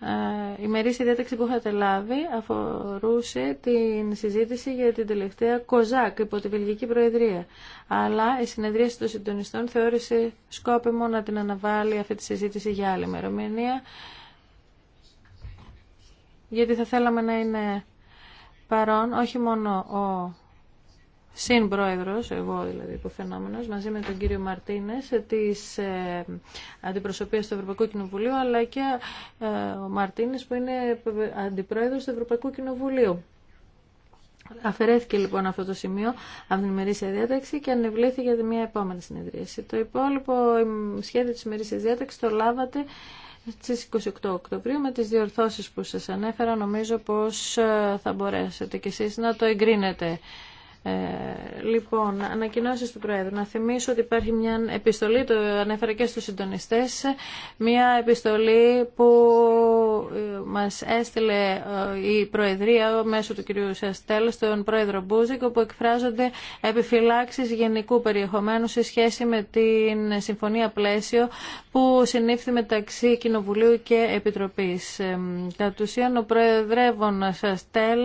Ε, η μερίστη διάταξη που είχατε λάβει αφορούσε την συζήτηση για την τελευταία ΚΟΖΑΚ υπό τη Βελγική Προεδρία. Αλλά η συνεδρία των συντονιστών θεώρησε σκόπιμο να την αναβάλει αυτή τη συζήτηση για άλλη ημερομηνία, γιατί θα θέλαμε να είναι παρόν όχι μόνο ο συμπρόεδρος, εγώ δηλαδή υποφαινόμενος, μαζί με τον κύριο Μαρτίνες της ε, αντιπροσωπείας του Ευρωπαϊκού Κοινοβουλίου, αλλά και ε, ο Μαρτίνες που είναι αντιπρόεδρος του Ευρωπαϊκού Κοινοβουλίου. Αφαιρέθηκε λοιπόν αυτό το σημείο από την ημερήσια διάταξη και ανεβλήθηκε για μια επόμενη συνεδρίαση. Το υπόλοιπο σχέδιο της ημερήσιας διάταξης το λάβατε στις 28 Οκτωβρίου με τις διορθώσεις που σας ανέφερα. Νομίζω πως ε, θα μπορέσετε κι εσείς να το εγκρίνετε. Ε, λοιπόν, ανακοινώσει του Προέδρου. Να θυμίσω ότι υπάρχει μια επιστολή, το ανέφερα και στους συντονιστέ, μια επιστολή που ε, μας έστειλε ε, η Προεδρία μέσω του κυρίου Σαστέλ στον Πρόεδρο Μπούζικ, όπου εκφράζονται επιφυλάξει γενικού περιεχομένου σε σχέση με την συμφωνία πλαίσιο που συνήφθη μεταξύ Κοινοβουλίου και Επιτροπής. Ε, κατ' ουσίαν ο Προεδρεύων Σαστέλ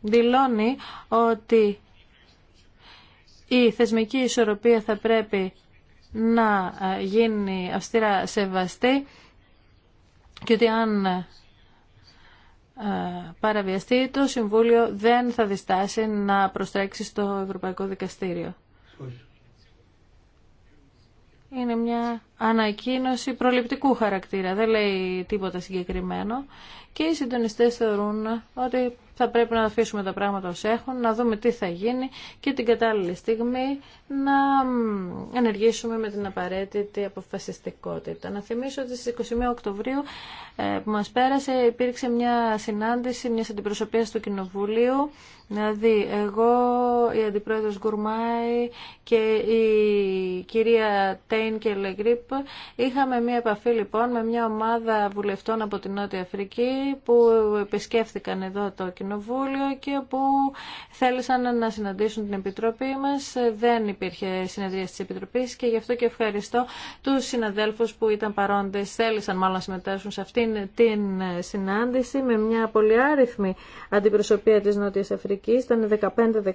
δηλώνει ότι η θεσμική ισορροπία θα πρέπει να ε, γίνει αυστηρά σεβαστή και ότι αν ε, παραβιαστεί το Συμβούλιο δεν θα διστάσει να προστρέξει στο Ευρωπαϊκό Δικαστήριο. Είναι μια ανακοίνωση προληπτικού χαρακτήρα, δεν λέει τίποτα συγκεκριμένο και οι συντονιστέ θεωρούν ότι θα πρέπει να αφήσουμε τα πράγματα ως έχουν, να δούμε τι θα γίνει και την κατάλληλη στιγμή να ενεργήσουμε με την απαραίτητη αποφασιστικότητα. Να θυμίσω ότι στις 21 Οκτωβρίου ε, που μας πέρασε υπήρξε μια συνάντηση μιας αντιπροσωπείας του Κοινοβουλίου Δηλαδή, εγώ, η Αντιπρόεδρος Γκουρμάη και η κυρία Τέιν και Λεγκρίπ είχαμε μία επαφή λοιπόν με μια ομάδα βουλευτών από την Νότια Αφρική που επισκέφθηκαν εδώ το Κοινοβούλιο και που θέλησαν να συναντήσουν την Επιτροπή μας. Δεν υπήρχε συνεδρία της Επιτροπής και γι' αυτό και ευχαριστώ τους συναδέλφους που ήταν παρόντες, θέλησαν μάλλον να συμμετάσχουν σε αυτήν την συνάντηση με μια πολυάριθμη αντιπροσωπεία της Νότιας Αφρικής. Ήταν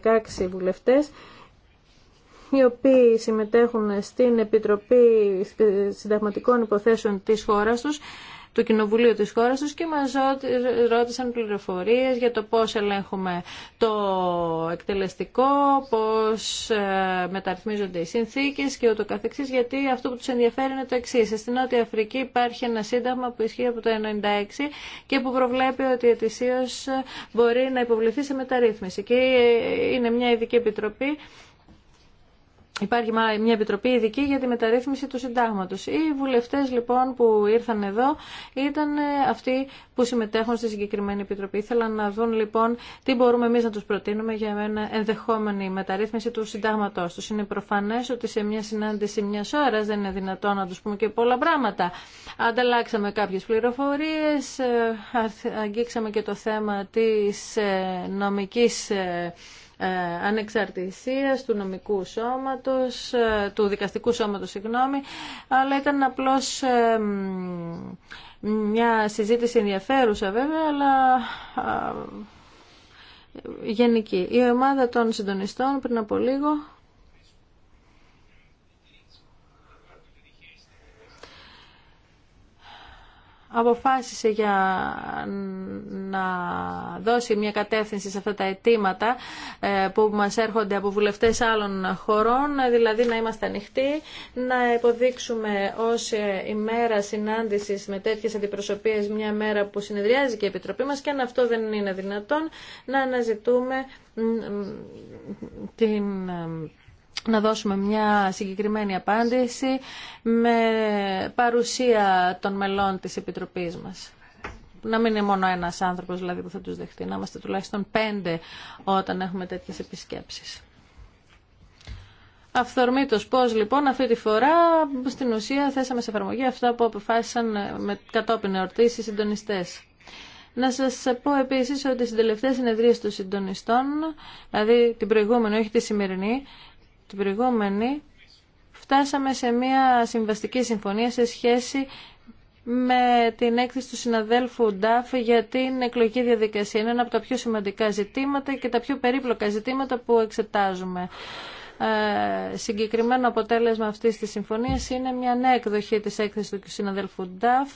15-16 βουλευτές οι οποίοι συμμετέχουν στην Επιτροπή Συνταγματικών Υποθέσεων της χώρας τους το Κοινοβουλίου της χώρας τους και μας ρώτησαν πληροφορίες για το πώς ελέγχουμε το εκτελεστικό, πώς ε, μεταρρυθμίζονται οι συνθήκες και ούτω καθεξής, γιατί αυτό που τους ενδιαφέρει είναι το εξή. Στην Νότια Αφρική υπάρχει ένα σύνταγμα που ισχύει από το 1996 και που προβλέπει ότι ετησίως μπορεί να υποβληθεί σε μεταρρύθμιση. Και ε, είναι μια ειδική επιτροπή Υπάρχει μια επιτροπή ειδική για τη μεταρρύθμιση του συντάγματος. Οι βουλευτές λοιπόν που ήρθαν εδώ ήταν ε, αυτοί που συμμετέχουν στη συγκεκριμένη επιτροπή. Ήθελαν να δουν λοιπόν τι μπορούμε εμεί να τους προτείνουμε για μια ενδεχόμενη μεταρρύθμιση του συντάγματός του. Είναι προφανέ ότι σε μια συνάντηση μια ώρα δεν είναι δυνατόν να του πούμε και πολλά πράγματα. Ανταλλάξαμε κάποιε πληροφορίε, ε, αγγίξαμε και το θέμα τη ε, νομική. Ε, ανεξαρτησίας του νομικού σώματος, ε, του δικαστικού σώματος, συγγνώμη, αλλά ήταν απλώς ε, μια συζήτηση ενδιαφέρουσα βέβαια, αλλά γενική. Η ομάδα των συντονιστών πριν από λίγο αποφάσισε για να δώσει μια κατεύθυνση σε αυτά τα αιτήματα ε, που μας έρχονται από βουλευτές άλλων χωρών, δηλαδή να είμαστε ανοιχτοί, να υποδείξουμε ως ημέρα συνάντησης με τέτοιες αντιπροσωπείες μια μέρα που συνεδριάζει και η Επιτροπή μας και αν αυτό δεν είναι δυνατόν να αναζητούμε την να δώσουμε μια συγκεκριμένη απάντηση με παρουσία των μελών της Επιτροπής μας. Να μην είναι μόνο ένας άνθρωπος δηλαδή που θα τους δεχτεί, να είμαστε τουλάχιστον πέντε όταν έχουμε τέτοιες επισκέψεις. Αυθορμήτως πώς λοιπόν αυτή τη φορά στην ουσία θέσαμε σε εφαρμογή αυτά που αποφάσισαν με κατόπιν εορτής οι συντονιστές. Να σας πω επίσης ότι στις τελευταίες συνεδρίες των συντονιστών, δηλαδή την προηγούμενη, όχι τη σημερινή, την προηγούμενη φτάσαμε σε μια συμβαστική συμφωνία σε σχέση με την έκθεση του συναδέλφου Ντάφ για την εκλογική διαδικασία. Είναι ένα από τα πιο σημαντικά ζητήματα και τα πιο περίπλοκα ζητήματα που εξετάζουμε. Ε, συγκεκριμένο αποτέλεσμα αυτής της συμφωνίας είναι μια νέα εκδοχή της έκθεσης του συναδέλφου Νταφ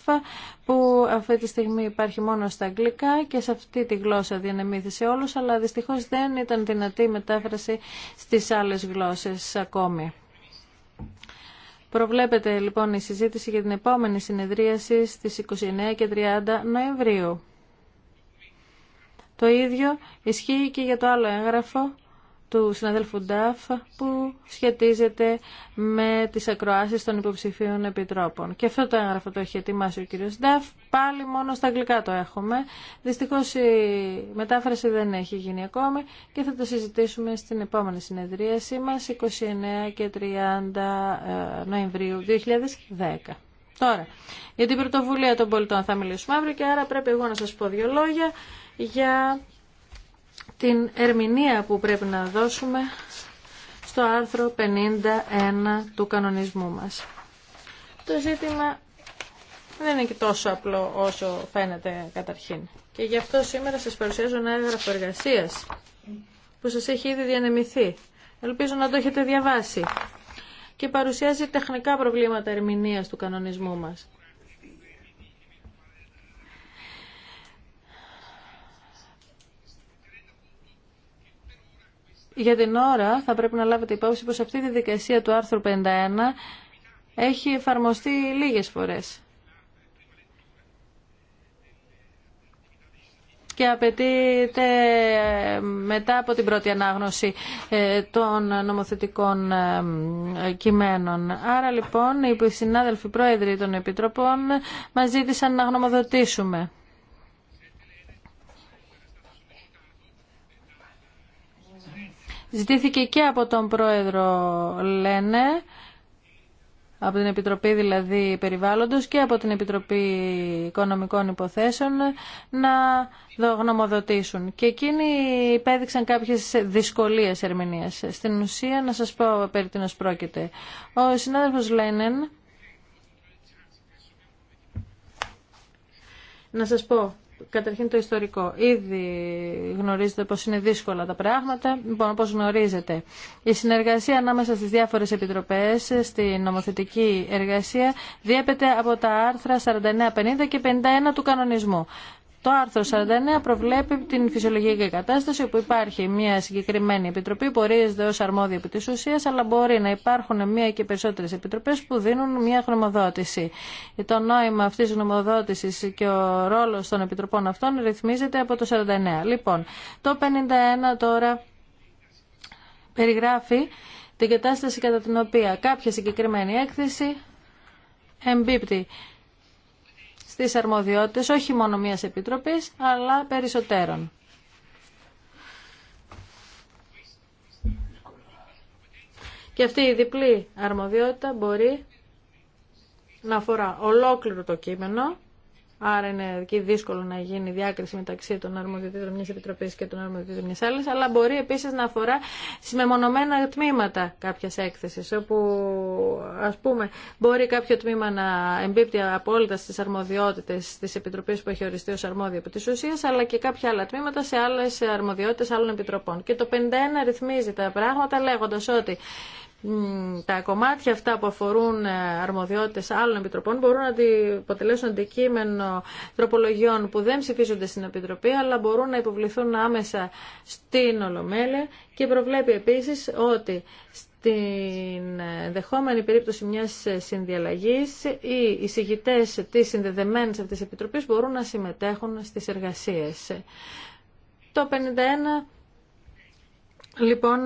που αυτή τη στιγμή υπάρχει μόνο στα αγγλικά και σε αυτή τη γλώσσα διανεμήθησε σε όλους αλλά δυστυχώς δεν ήταν δυνατή η μετάφραση στις άλλες γλώσσες ακόμη. Προβλέπεται λοιπόν η συζήτηση για την επόμενη συνεδρίαση στις 29 και 30 Νοεμβρίου. Το ίδιο ισχύει και για το άλλο έγγραφο του συναδέλφου Νταφ που σχετίζεται με τις ακροάσεις των υποψηφίων επιτρόπων. Και αυτό το έγγραφο το έχει ετοιμάσει ο κύριος Νταφ. Πάλι μόνο στα αγγλικά το έχουμε. Δυστυχώς η μετάφραση δεν έχει γίνει ακόμη και θα το συζητήσουμε στην επόμενη συνεδρίασή μας 29 και 30 ε, Νοεμβρίου 2010. Τώρα, για την πρωτοβουλία των πολιτών θα μιλήσουμε αύριο και άρα πρέπει εγώ να σας πω δύο λόγια για την ερμηνεία που πρέπει να δώσουμε στο άρθρο 51 του κανονισμού μας. Το ζήτημα δεν είναι και τόσο απλό όσο φαίνεται καταρχήν. Και γι' αυτό σήμερα σας παρουσιάζω ένα έγγραφο εργασία που σας έχει ήδη διανεμηθεί. Ελπίζω να το έχετε διαβάσει και παρουσιάζει τεχνικά προβλήματα ερμηνείας του κανονισμού μας. Για την ώρα θα πρέπει να λάβετε υπόψη πως αυτή τη δικασία του άρθρου 51 έχει εφαρμοστεί λίγες φορές. και απαιτείται ε, μετά από την πρώτη ανάγνωση ε, των νομοθετικών ε, κειμένων. Άρα λοιπόν οι συνάδελφοι πρόεδροι των Επιτροπών μας ζήτησαν να γνωμοδοτήσουμε. Ζητήθηκε και από τον πρόεδρο Λένε, από την Επιτροπή δηλαδή Περιβάλλοντος και από την Επιτροπή Οικονομικών Υποθέσεων να γνωμοδοτήσουν. Και εκείνοι υπέδειξαν κάποιες δυσκολίες ερμηνείας. Στην ουσία να σας πω περί τίνος πρόκειται. Ο συνάδελφος Λένεν, να σας πω καταρχήν το ιστορικό. Ήδη γνωρίζετε πως είναι δύσκολα τα πράγματα, λοιπόν γνωρίζετε. Η συνεργασία ανάμεσα στις διάφορες επιτροπές στη νομοθετική εργασία διέπεται από τα άρθρα 49, 50 και 51 του κανονισμού. Το άρθρο 49 προβλέπει την φυσιολογική κατάσταση όπου υπάρχει μια συγκεκριμένη επιτροπή που ορίζεται ω αρμόδια επί τη ουσία, αλλά μπορεί να υπάρχουν μια και περισσότερε επιτροπέ που δίνουν μια γνωμοδότηση. Το νόημα αυτή τη γνωμοδότηση και ο ρόλο των επιτροπών αυτών ρυθμίζεται από το 49. Λοιπόν, το 51 τώρα περιγράφει την κατάσταση κατά την οποία κάποια συγκεκριμένη έκθεση εμπίπτει στις αρμοδιότητες όχι μόνο μιας επιτροπής, αλλά περισσότερων. Και αυτή η διπλή αρμοδιότητα μπορεί να αφορά ολόκληρο το κείμενο Άρα είναι και δύσκολο να γίνει διάκριση μεταξύ των αρμοδιοτήτων μια επιτροπή και των αρμοδιοτήτων μια άλλη, αλλά μπορεί επίση να αφορά μεμονωμένα τμήματα κάποια έκθεση, όπου α πούμε μπορεί κάποιο τμήμα να εμπίπτει απόλυτα στι αρμοδιότητε τη επιτροπή που έχει οριστεί ω αρμόδιο από τη ουσία, αλλά και κάποια άλλα τμήματα σε άλλε αρμοδιότητε άλλων επιτροπών. Και το 51 ρυθμίζει τα πράγματα λέγοντα ότι τα κομμάτια αυτά που αφορούν ε, αρμοδιότητες άλλων επιτροπών μπορούν να αποτελέσουν αντικείμενο τροπολογιών που δεν ψηφίζονται στην Επιτροπή αλλά μπορούν να υποβληθούν άμεσα στην Ολομέλεια και προβλέπει επίσης ότι στην ε, δεχόμενη περίπτωση μιας ε, συνδιαλλαγής οι εισηγητές της συνδεδεμένης αυτής της μπορούν να συμμετέχουν στις εργασίες. Το 51 λοιπόν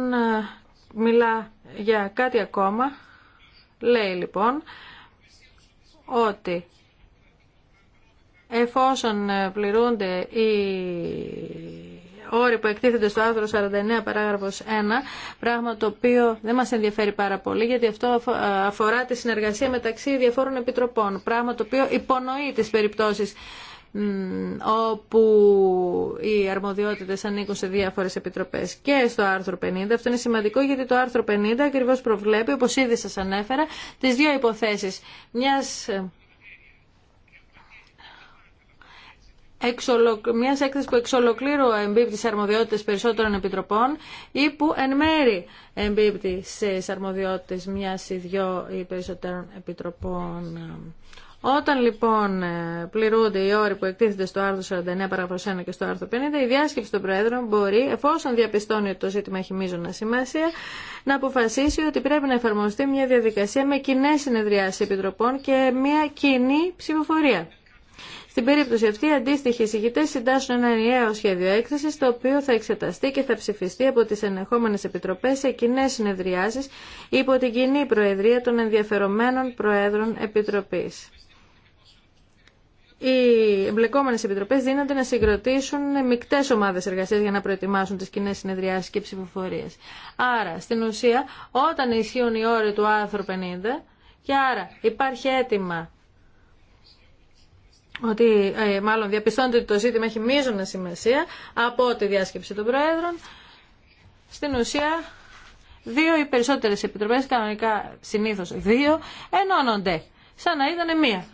μιλά για κάτι ακόμα. Λέει λοιπόν ότι εφόσον ε, πληρούνται οι όροι που εκτίθενται στο άρθρο 49 παράγραφος 1, πράγμα το οποίο δεν μας ενδιαφέρει πάρα πολύ, γιατί αυτό ε, αφορά τη συνεργασία μεταξύ διαφόρων επιτροπών, πράγμα το οποίο υπονοεί τις περιπτώσεις όπου οι αρμοδιότητες ανήκουν σε διάφορες επιτροπές και στο άρθρο 50. Αυτό είναι σημαντικό γιατί το άρθρο 50 ακριβώς προβλέπει, όπως ήδη σας ανέφερα, τις δύο υποθέσεις μιας μια έκθεση που εξ ολοκλήρου εμπίπτει σε αρμοδιότητε περισσότερων επιτροπών ή που εν μέρη εμπίπτει σε αρμοδιότητε μια ή δυο ή περισσότερων επιτροπών. Όταν λοιπόν ε, πληρούνται οι όροι που εκτίθενται στο άρθρο 49 παράγραφος 1 και στο άρθρο 50, η διάσκεψη των Προέδρων μπορεί, εφόσον διαπιστώνει ότι το ζήτημα έχει μείζωνα σημασία, να αποφασίσει ότι πρέπει να εφαρμοστεί μια διαδικασία με κοινέ συνεδριάσει επιτροπών και μια κοινή ψηφοφορία. Στην περίπτωση αυτή, οι αντίστοιχοι εισηγητέ συντάσσουν ένα ενιαίο σχέδιο έκθεση, το οποίο θα εξεταστεί και θα ψηφιστεί από τι ενεχόμενε επιτροπέ σε κοινέ συνεδριάσει υπό την κοινή προεδρία των ενδιαφερομένων Προέδρων Επιτροπή οι εμπλεκόμενε επιτροπέ δίνονται να συγκροτήσουν μεικτέ ομάδε εργασία για να προετοιμάσουν τι κοινέ συνεδριάσει και ψηφοφορίε. Άρα, στην ουσία, όταν ισχύουν οι όροι του άρθρου 50, και άρα υπάρχει αίτημα ότι ε, μάλλον διαπιστώνεται ότι το ζήτημα έχει μείζωνα σημασία από τη διάσκεψη των Προέδρων. Στην ουσία, δύο ή περισσότερες επιτροπές, κανονικά συνήθως δύο, ενώνονται σαν να ήταν μία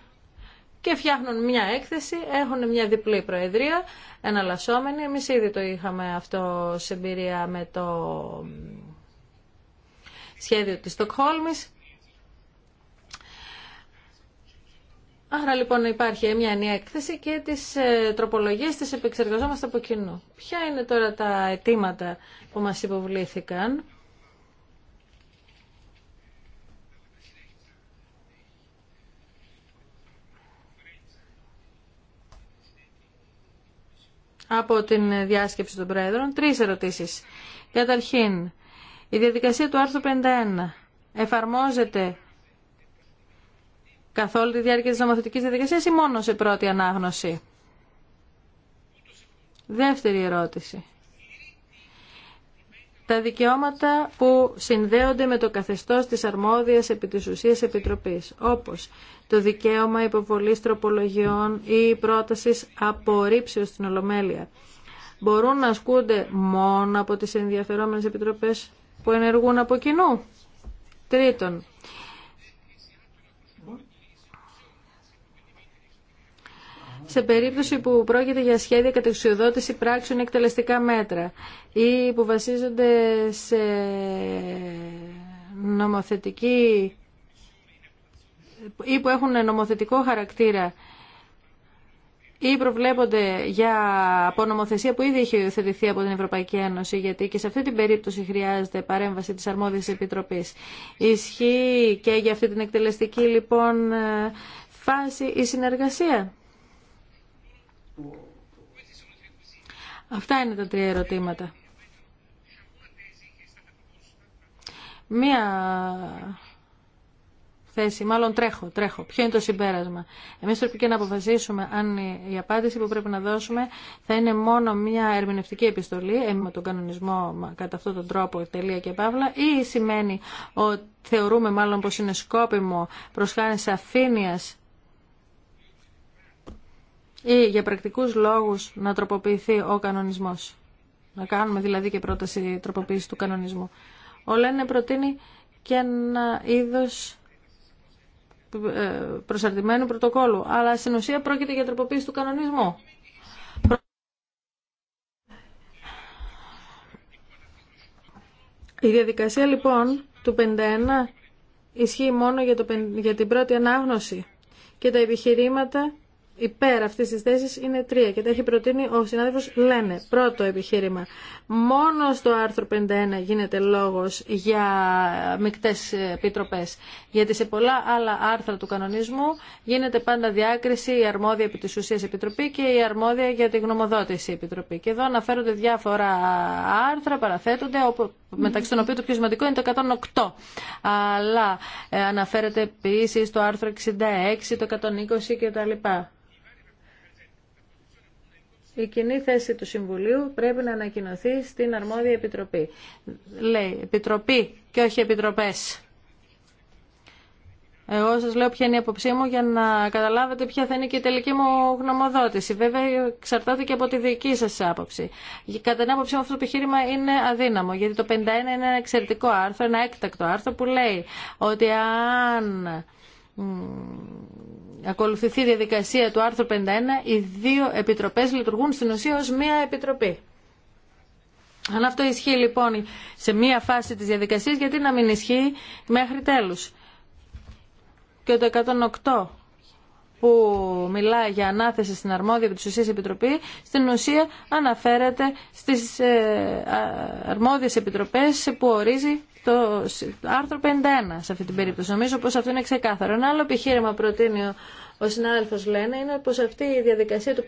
και φτιάχνουν μια έκθεση, έχουν μια διπλή προεδρία, εναλλασσόμενη. Εμεί ήδη το είχαμε αυτό σε εμπειρία με το σχέδιο της Στοκχόλμης. Άρα λοιπόν υπάρχει μια νέα έκθεση και τις ε, τροπολογίες τις επεξεργαζόμαστε από κοινού. Ποια είναι τώρα τα αιτήματα που μας υποβλήθηκαν. από την διάσκεψη των Πρόεδρων. Τρεις ερωτήσεις. Καταρχήν, η διαδικασία του άρθρου 51 εφαρμόζεται καθ' όλη τη διάρκεια της νομοθετικής διαδικασίας ή μόνο σε πρώτη ανάγνωση. Δεύτερη ερώτηση τα δικαιώματα που συνδέονται με το καθεστώς της αρμόδιας επί της ουσίας επιτροπής, όπως το δικαίωμα υποβολής τροπολογιών ή πρότασης απορρίψεως στην Ολομέλεια. Μπορούν να ασκούνται μόνο από τις ενδιαφερόμενες επιτροπές που ενεργούν από κοινού. Τρίτον, σε περίπτωση που πρόκειται για σχέδια κατεξιοδότηση πράξεων εκτελεστικά μέτρα ή που βασίζονται σε νομοθετική ή που έχουν νομοθετικό χαρακτήρα ή προβλέπονται για απονομοθεσία που ήδη έχει υιοθετηθεί από την Ευρωπαϊκή Ένωση, γιατί και σε αυτή την περίπτωση χρειάζεται παρέμβαση της αρμόδιας επιτροπής. Ισχύει και για αυτή την εκτελεστική λοιπόν φάση η συνεργασία. Αυτά είναι τα τρία ερωτήματα. Μία θέση, μάλλον τρέχω, τρέχω. Ποιο είναι το συμπέρασμα. Εμείς πρέπει και να αποφασίσουμε αν η απάντηση που πρέπει να δώσουμε θα είναι μόνο μια ερμηνευτική επιστολή ε, με τον κανονισμό κατά αυτόν τον τρόπο, τελεία και παύλα, ή σημαίνει ότι θεωρούμε μάλλον πως είναι σκόπιμο προς χάρη ή για πρακτικούς λόγους να τροποποιηθεί ο κανονισμός. Να κάνουμε δηλαδή και πρόταση τροποποίηση του κανονισμού. Ο Λένε προτείνει και ένα είδος ε, προσαρτημένου πρωτοκόλου, αλλά στην ουσία πρόκειται για τροποποίηση του κανονισμού. Η διαδικασία προτεινει και ενα ειδος προσαρτημενου πρωτοκολλου αλλα στην λοιπόν, ουσια προκειται για τροποποιηση του κανονισμου η διαδικασια λοιπον του 51 ισχύει μόνο για, το, για την πρώτη ανάγνωση και τα επιχειρήματα υπέρ αυτή τη θέση είναι τρία και τα έχει προτείνει ο συνάδελφος Λένε. Πρώτο επιχείρημα. Μόνο στο άρθρο 51 γίνεται λόγο για μεικτέ επιτροπέ. Γιατί σε πολλά άλλα άρθρα του κανονισμού γίνεται πάντα διάκριση η αρμόδια επί τη ουσία επιτροπή και η αρμόδια για τη γνωμοδότηση επιτροπή. Και εδώ αναφέρονται διάφορα άρθρα, παραθέτονται, όπου, μεταξύ των οποίων το πιο σημαντικό είναι το 108. Αλλά ε, αναφέρεται επίση το άρθρο 66, το 120 κτλ η κοινή θέση του Συμβουλίου πρέπει να ανακοινωθεί στην αρμόδια επιτροπή. Λέει επιτροπή και όχι επιτροπές. Εγώ σας λέω ποια είναι η αποψή μου για να καταλάβετε ποια θα είναι και η τελική μου γνωμοδότηση. Βέβαια εξαρτάται και από τη δική σας άποψη. Κατά την άποψή μου αυτό το επιχείρημα είναι αδύναμο, γιατί το 51 είναι ένα εξαιρετικό άρθρο, ένα έκτακτο άρθρο που λέει ότι αν ακολουθηθεί η διαδικασία του άρθρου 51, οι δύο επιτροπές λειτουργούν στην ουσία ως μία επιτροπή. Αν αυτό ισχύει λοιπόν σε μία φάση της διαδικασίας, γιατί να μην ισχύει μέχρι τέλους. Και το 108 που μιλάει για ανάθεση στην αρμόδια από ουσίας επιτροπή, στην ουσία αναφέρεται στις ε, αρμόδιες επιτροπές που ορίζει το άρθρο 51 σε αυτή την περίπτωση. Νομίζω πως αυτό είναι ξεκάθαρο. Ένα άλλο επιχείρημα προτείνει ο ο συνάδελφος λένε είναι πως αυτή η διαδικασία του 51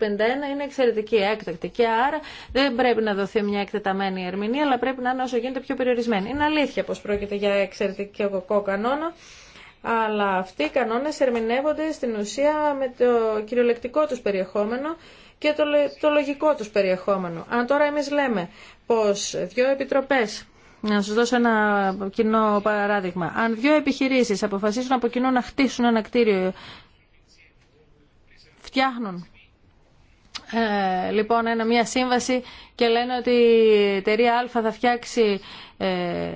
είναι εξαιρετική, έκτακτη και άρα δεν πρέπει να δοθεί μια εκτεταμένη ερμηνεία αλλά πρέπει να είναι όσο γίνεται πιο περιορισμένη. Είναι αλήθεια πως πρόκειται για εξαιρετικό κανόνα αλλά αυτοί οι κανόνες ερμηνεύονται στην ουσία με το κυριολεκτικό τους περιεχόμενο και το, το λογικό τους περιεχόμενο. Αν τώρα εμείς λέμε πως δύο επιτροπές να σα δώσω ένα κοινό παράδειγμα. Αν δύο επιχειρήσεις αποφασίσουν από κοινό να χτίσουν ένα κτίριο, φτιάχνουν ε, λοιπόν ένα, μια σύμβαση και λένε ότι η εταιρεία Α θα φτιάξει ε,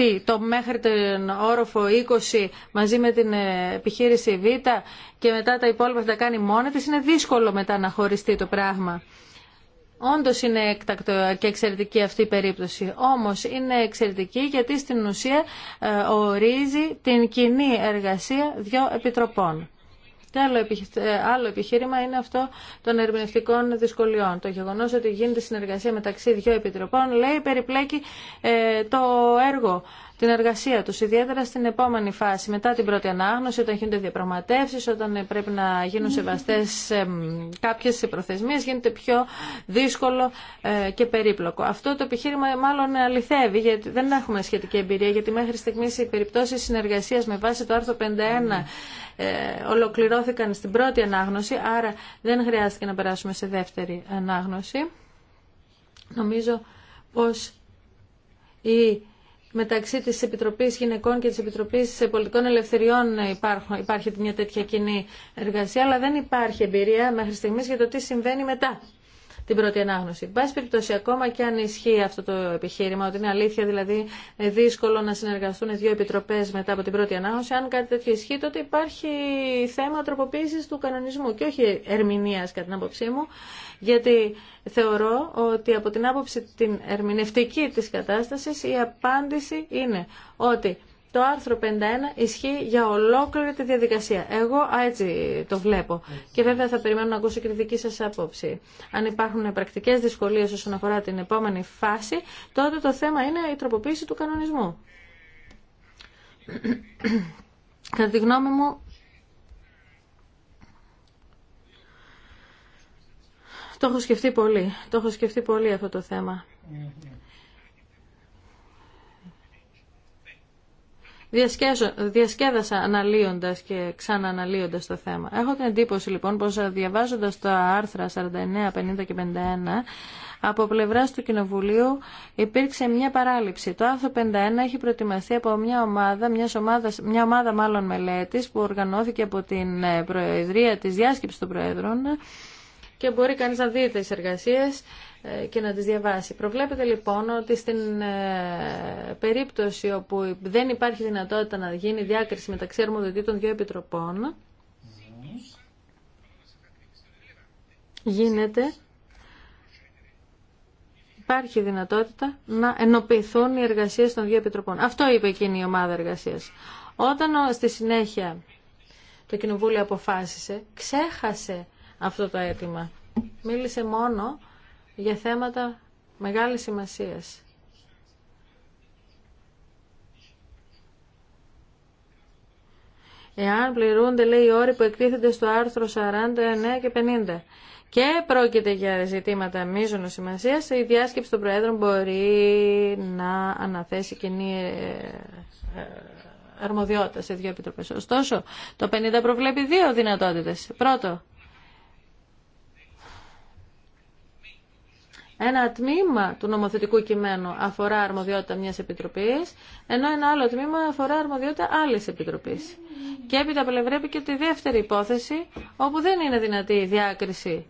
τι, το μέχρι τον όροφο 20 μαζί με την ε, επιχείρηση Β και μετά τα υπόλοιπα θα τα κάνει μόνη της, είναι δύσκολο μετά να χωριστεί το πράγμα. Όντως είναι έκτακτο και εξαιρετική αυτή η περίπτωση. Όμως είναι εξαιρετική γιατί στην ουσία ε, ορίζει την κοινή εργασία δύο επιτροπών και ε, άλλο επιχείρημα είναι αυτό των ερμηνευτικών δυσκολιών. Το γεγονό ότι γίνεται συνεργασία μεταξύ δύο επιτροπών λέει περιπλέκει ε, το έργο την εργασία του, ιδιαίτερα στην επόμενη φάση, μετά την πρώτη ανάγνωση, όταν γίνονται διαπραγματεύσεις, όταν πρέπει να γίνουν σεβαστές κάποιες προθεσμίες, γίνεται πιο δύσκολο ε, και περίπλοκο. Αυτό το επιχείρημα μάλλον αληθεύει, γιατί δεν έχουμε σχετική εμπειρία, γιατί μέχρι στιγμής οι περιπτώσεις συνεργασίας με βάση το άρθρο 51 ε, ολοκληρώθηκαν στην πρώτη ανάγνωση, άρα δεν χρειάστηκε να περάσουμε σε δεύτερη ανάγνωση. Νομίζω πως μεταξύ της Επιτροπής Γυναικών και της Επιτροπής Πολιτικών Ελευθεριών υπάρχουν, υπάρχει μια τέτοια κοινή εργασία, αλλά δεν υπάρχει εμπειρία μέχρι στιγμής για το τι συμβαίνει μετά την πρώτη ανάγνωση. Εν πάση περιπτώσει, ακόμα και αν ισχύει αυτό το επιχείρημα, ότι είναι αλήθεια δηλαδή ε, δύσκολο να συνεργαστούν δύο επιτροπέ μετά από την πρώτη ανάγνωση, αν κάτι τέτοιο ισχύει, τότε υπάρχει θέμα τροποποίηση του κανονισμού και όχι ερμηνεία, κατά την άποψή μου, γιατί θεωρώ ότι από την άποψη την ερμηνευτική της κατάστασης η απάντηση είναι ότι το άρθρο 51 ισχύει για ολόκληρη τη διαδικασία. Εγώ έτσι το βλέπω. Και βέβαια θα περιμένω να ακούσω και τη δική σας άποψη. Αν υπάρχουν πρακτικές δυσκολίες όσον αφορά την επόμενη φάση, τότε το θέμα είναι η τροποποίηση του κανονισμού. Κατά τη γνώμη μου, το έχω σκεφτεί πολύ. Το έχω σκεφτεί πολύ αυτό το θέμα. διασκέδασα αναλύοντα και ξανααναλύοντας το θέμα. Έχω την εντύπωση λοιπόν πω διαβάζοντας τα άρθρα 49, 50 και 51 από πλευρά του Κοινοβουλίου υπήρξε μια παράληψη. Το άρθρο 51 έχει προετοιμαστεί από μια ομάδα, μια ομάδα, μια ομάδα μάλλον μελέτης που οργανώθηκε από την ε, Προεδρία της Διάσκεψης των Προέδρων και μπορεί κανεί να δει τι εργασίε. Ε, και να τις διαβάσει. Προβλέπετε λοιπόν ότι στην ε, περίπτωση όπου δεν υπάρχει δυνατότητα να γίνει διάκριση μεταξύ των δύο επιτροπών, γίνεται, υπάρχει δυνατότητα να ενοποιηθούν οι εργασίες των δύο επιτροπών. Αυτό είπε εκείνη η ομάδα εργασίας. Όταν στη συνέχεια το Κοινοβούλιο αποφάσισε, ξέχασε αυτό το αίτημα. Μίλησε μόνο για θέματα μεγάλης σημασίας. Εάν πληρούνται, λέει, οι όροι που εκτίθενται στο άρθρο 49 και 50 και πρόκειται για ζητήματα μείζωνος σημασίας, η διάσκεψη των Προέδρων μπορεί να αναθέσει κοινή ε, ε, αρμοδιότητα σε δύο επιτροπές. Ωστόσο, το 50 προβλέπει δύο δυνατότητες. Πρώτο, Ένα τμήμα του νομοθετικού κειμένου αφορά αρμοδιότητα μιας επιτροπής, ενώ ένα άλλο τμήμα αφορά αρμοδιότητα άλλης επιτροπής. Και έπειτα απελευρέπει και τη δεύτερη υπόθεση, όπου δεν είναι δυνατή η διάκριση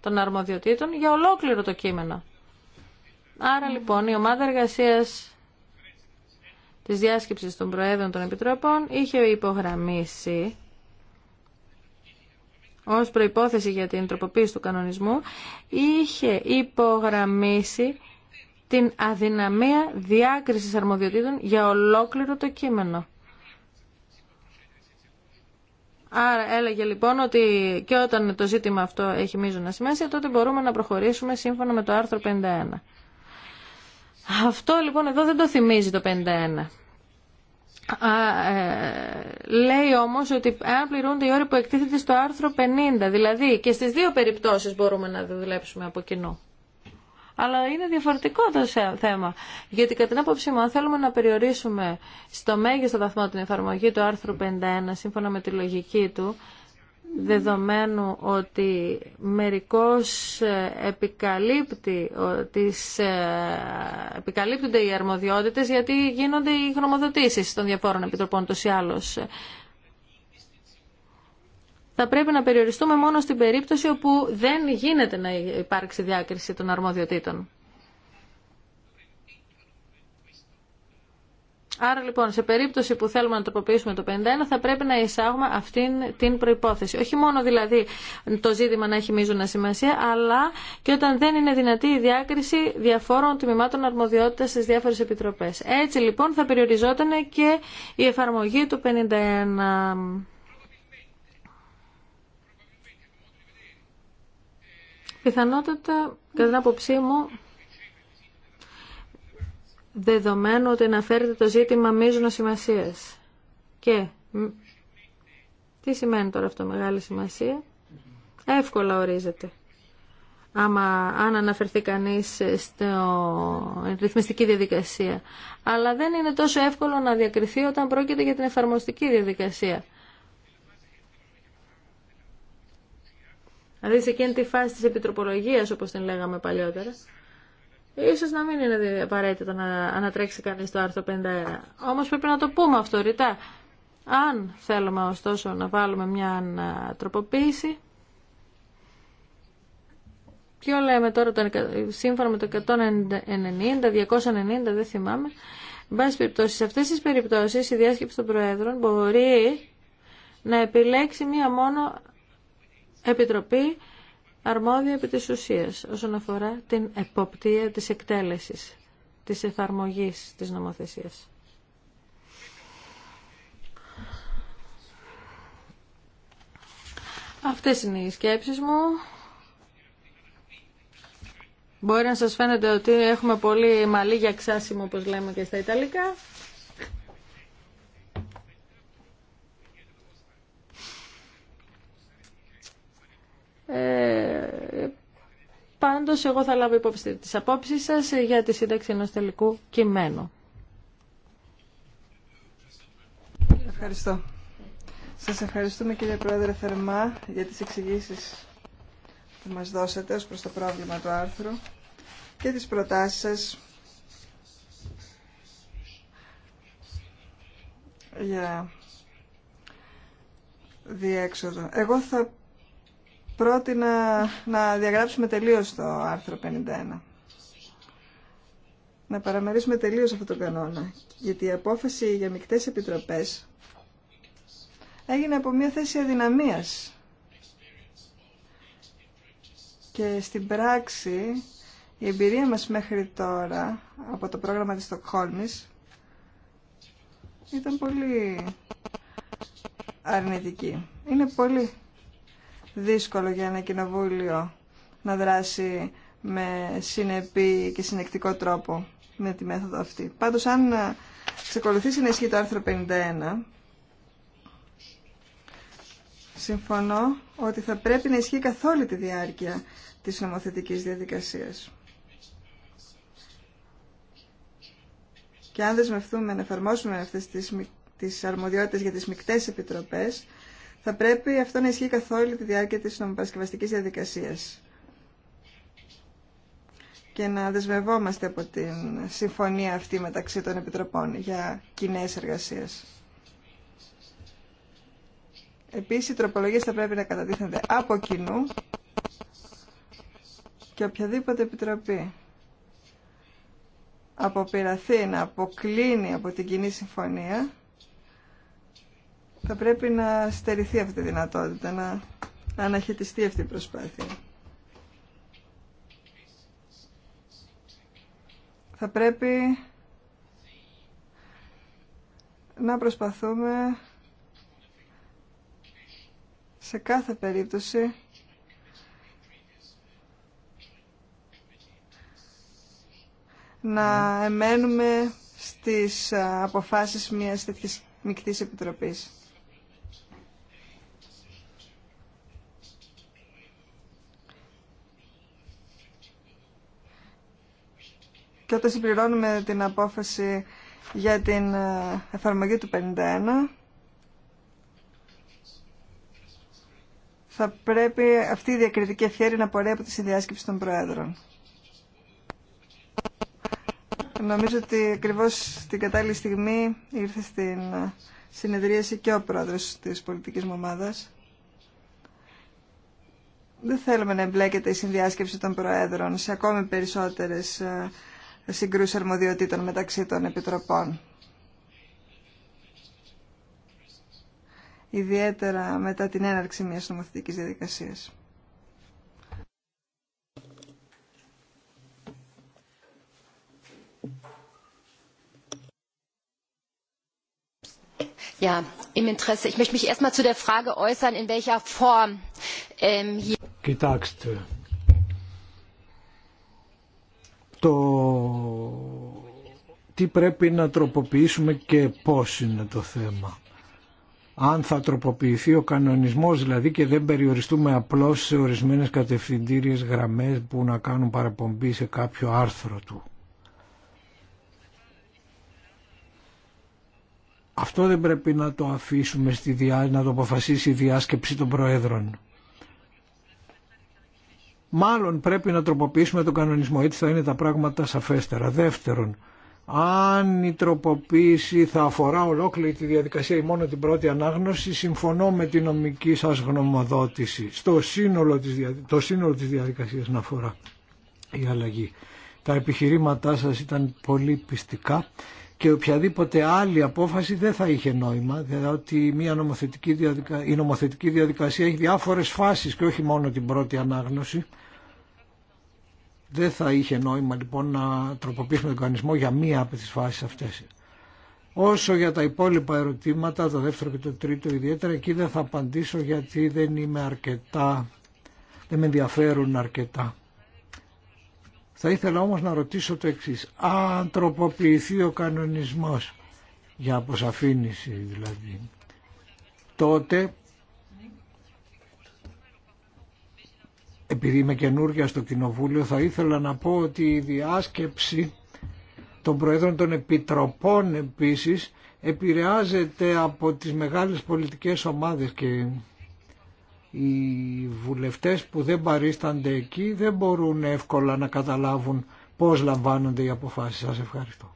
των αρμοδιοτήτων για ολόκληρο το κείμενο. Άρα λοιπόν η ομάδα εργασίας της διάσκεψης των Προέδρων των Επιτροπών είχε υπογραμμίσει ως προϋπόθεση για την τροποποίηση του κανονισμού είχε υπογραμμίσει την αδυναμία διάκρισης αρμοδιοτήτων για ολόκληρο το κείμενο. Άρα έλεγε λοιπόν ότι και όταν το ζήτημα αυτό έχει μείζωνα σημασία, τότε μπορούμε να προχωρήσουμε σύμφωνα με το άρθρο 51. Αυτό λοιπόν εδώ δεν το θυμίζει το 51. Ε, λέει όμως ότι αν πληρούνται οι όροι που εκτίθεται στο άρθρο 50, δηλαδή και στις δύο περιπτώσεις μπορούμε να δουλέψουμε από κοινού. Αλλά είναι διαφορετικό το θέμα, γιατί κατά την άποψή μου, αν θέλουμε να περιορίσουμε στο μέγιστο βαθμό την εφαρμογή του άρθρου 51, σύμφωνα με τη λογική του, δεδομένου ότι μερικώς ε, επικαλύπτει, τις, ε, επικαλύπτονται οι αρμοδιότητες γιατί γίνονται οι γνωμοδοτήσεις των διαφόρων επιτροπών τους ή Θα πρέπει να περιοριστούμε μόνο στην περίπτωση όπου δεν γίνεται να υπάρξει διάκριση των αρμοδιοτήτων. Άρα λοιπόν, σε περίπτωση που θέλουμε να τροποποιήσουμε το 51, θα πρέπει να εισάγουμε αυτήν την προπόθεση. Όχι μόνο δηλαδή το ζήτημα να έχει μείζωνα σημασία, αλλά και όταν δεν είναι δυνατή η διάκριση διαφόρων τμήματων αρμοδιότητα στι διάφορε επιτροπέ. Έτσι λοιπόν θα περιοριζόταν και η εφαρμογή του 51. Πιθανότατα, κατά την άποψή μου, δεδομένου ότι αναφέρεται το ζήτημα μείζωνος σημασίας. Και τι σημαίνει τώρα αυτό μεγάλη σημασία. Εύκολα ορίζεται. αν αναφερθεί κανείς στην ε, ρυθμιστική διαδικασία. Αλλά δεν είναι τόσο εύκολο να διακριθεί όταν πρόκειται για την εφαρμοστική διαδικασία. Δηλαδή σε εκείνη τη φάση της επιτροπολογίας, όπως την λέγαμε παλιότερα, Ίσως να μην είναι απαραίτητο να ανατρέξει κανείς το άρθρο 51. Όμως πρέπει να το πούμε αυτό ρητά. Αν θέλουμε ωστόσο να βάλουμε μια τροποποίηση, ποιο λέμε τώρα το, σύμφωνα με το 190, 290, δεν θυμάμαι, εν πάση περιπτώσει, σε αυτές τις περιπτώσεις η διάσκεψη των Προέδρων μπορεί να επιλέξει μία μόνο επιτροπή αρμόδια επί της ουσίας όσον αφορά την εποπτεία της εκτέλεσης, της εφαρμογής της νομοθεσίας. Αυτές είναι οι σκέψεις μου. Μπορεί να σας φαίνεται ότι έχουμε πολύ μαλλί για ξάσιμο, όπως λέμε και στα Ιταλικά. Ε, πάντως εγώ θα λάβω υπόψη της σα σας για τη σύνταξη ενός τελικού κειμένου. Ευχαριστώ. Σας ευχαριστούμε κύριε Πρόεδρε θερμά για τις εξηγήσεις που μας δώσατε ως προς το πρόβλημα του άρθρου και τις προτάσεις σας για διέξοδο. Εγώ θα πρότεινα να διαγράψουμε τελείως το άρθρο 51. Να παραμερίσουμε τελείως αυτόν το κανόνα. Γιατί η απόφαση για μικτές επιτροπές έγινε από μια θέση αδυναμίας. Και στην πράξη η εμπειρία μας μέχρι τώρα από το πρόγραμμα της Στοκχόλμης ήταν πολύ αρνητική. Είναι πολύ δύσκολο για ένα κοινοβούλιο να δράσει με συνεπή και συνεκτικό τρόπο με τη μέθοδο αυτή. Πάντως αν ξεκολουθήσει να ισχύει το άρθρο 51, συμφωνώ ότι θα πρέπει να ισχύει καθ' όλη τη διάρκεια της νομοθετικής διαδικασίας. Και αν δεσμευτούμε να εφαρμόσουμε αυτές τις, τις αρμοδιότητες για τις μικτές επιτροπές, θα πρέπει αυτό να ισχύει καθ' όλη τη διάρκεια της νομοπαρασκευαστικής διαδικασίας και να δεσμευόμαστε από την συμφωνία αυτή μεταξύ των Επιτροπών για κοινέ εργασίε. Επίσης, οι τροπολογίες θα πρέπει να κατατίθενται από κοινού και οποιαδήποτε Επιτροπή αποπειραθεί να αποκλίνει από την κοινή συμφωνία θα πρέπει να στερηθεί αυτή η δυνατότητα, να αναχαιτιστεί αυτή η προσπάθεια. Θα πρέπει να προσπαθούμε σε κάθε περίπτωση να εμένουμε στις ε, αποφάσεις μιας τέτοιας μικτής επιτροπής. και όταν συμπληρώνουμε την απόφαση για την ε, εφαρμογή του 51 θα πρέπει αυτή η διακριτική ευχαίρεια να πορεύει από τη συνδιάσκεψη των Προέδρων. Νομίζω ότι ακριβώ την κατάλληλη στιγμή ήρθε στην ε, συνεδρίαση και ο πρόεδρος της πολιτικής μου ομάδας. Δεν θέλουμε να εμπλέκεται η συνδιάσκεψη των Προέδρων σε ακόμη περισσότερες ε, συγκρούσει αρμοδιοτήτων μεταξύ των επιτροπών. Ιδιαίτερα μετά την έναρξη μιας νομοθετικής διαδικασίας. Ja, im Interesse. Ich möchte mich erstmal zu der Frage äußern, in welcher Form. Ähm, hier Κοιτάξτε, το τι πρέπει να τροποποιήσουμε και πώς είναι το θέμα. Αν θα τροποποιηθεί ο κανονισμός δηλαδή και δεν περιοριστούμε απλώς σε ορισμένες κατευθυντήριες γραμμές που να κάνουν παραπομπή σε κάποιο άρθρο του. Αυτό δεν πρέπει να το αφήσουμε στη διά, να το αποφασίσει η διάσκεψη των Προέδρων. Μάλλον πρέπει να τροποποιήσουμε τον κανονισμό, έτσι θα είναι τα πράγματα σαφέστερα. Δεύτερον, αν η τροποποίηση θα αφορά ολόκληρη τη διαδικασία ή μόνο την πρώτη ανάγνωση, συμφωνώ με τη νομική σας γνωμοδότηση. Στο σύνολο της, το σύνολο της διαδικασίας να αφορά η αλλαγή. Τα επιχειρήματά σας ήταν πολύ πιστικά και οποιαδήποτε άλλη απόφαση δεν θα είχε νόημα, διότι μια νομοθετική διαδικα... η νομοθετική διαδικασία έχει διάφορες φάσεις και όχι μόνο την πρώτη ανάγνωση δεν θα είχε νόημα λοιπόν να τροποποιήσουμε τον κανονισμό για μία από τις φάσεις αυτές. Όσο για τα υπόλοιπα ερωτήματα, το δεύτερο και το τρίτο ιδιαίτερα, εκεί δεν θα απαντήσω γιατί δεν είμαι αρκετά, δεν με ενδιαφέρουν αρκετά. Θα ήθελα όμως να ρωτήσω το εξής. Αν τροποποιηθεί ο κανονισμός για αποσαφήνιση δηλαδή, τότε επειδή είμαι καινούργια στο Κοινοβούλιο, θα ήθελα να πω ότι η διάσκεψη των Προέδρων των Επιτροπών επίσης επηρεάζεται από τις μεγάλες πολιτικές ομάδες και οι βουλευτές που δεν παρίστανται εκεί δεν μπορούν εύκολα να καταλάβουν πώς λαμβάνονται οι αποφάσεις. Σας ευχαριστώ.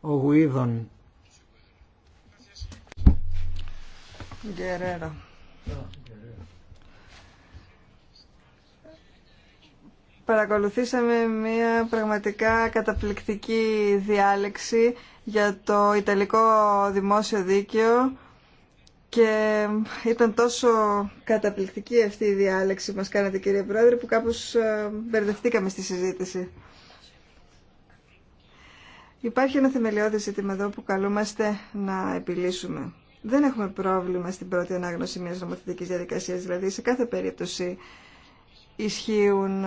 Ο Γουίδων Παρακολουθήσαμε μια πραγματικά καταπληκτική διάλεξη για το Ιταλικό Δημόσιο Δίκαιο και ήταν τόσο καταπληκτική αυτή η διάλεξη που μας κάνατε κύριε Πρόεδρε που κάπως ε, μπερδευτήκαμε στη συζήτηση. Υπάρχει ένα θεμελιώδη ζήτημα εδώ που καλούμαστε να επιλύσουμε δεν έχουμε πρόβλημα στην πρώτη ανάγνωση μιας νομοθετικής διαδικασίας. Δηλαδή, σε κάθε περίπτωση ισχύουν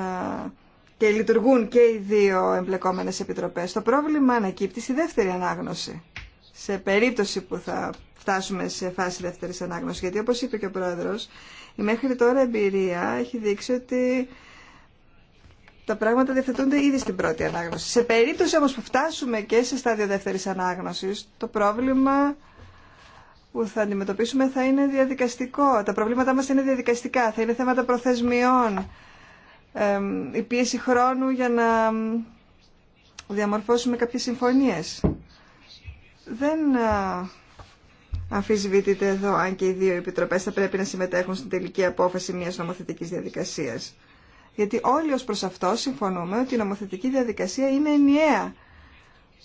και λειτουργούν και οι δύο εμπλεκόμενες επιτροπές. Το πρόβλημα ανακύπτει στη δεύτερη ανάγνωση, σε περίπτωση που θα φτάσουμε σε φάση δεύτερης ανάγνωσης. Γιατί, όπως είπε και ο Πρόεδρος, η μέχρι τώρα εμπειρία έχει δείξει ότι τα πράγματα διαθετούνται ήδη στην πρώτη ανάγνωση. Σε περίπτωση όμως που φτάσουμε και σε στάδιο δεύτερης ανάγνωσης, το πρόβλημα που θα αντιμετωπίσουμε θα είναι διαδικαστικό. Τα προβλήματά μας είναι διαδικαστικά, θα είναι θέματα προθεσμιών, η πίεση χρόνου για να διαμορφώσουμε κάποιες συμφωνίες. Δεν αμφισβητείται εδώ αν και οι δύο επιτροπές θα πρέπει να συμμετέχουν στην τελική απόφαση μιας νομοθετικής διαδικασίας. Γιατί όλοι ως προς αυτό συμφωνούμε ότι η νομοθετική διαδικασία είναι ενιαία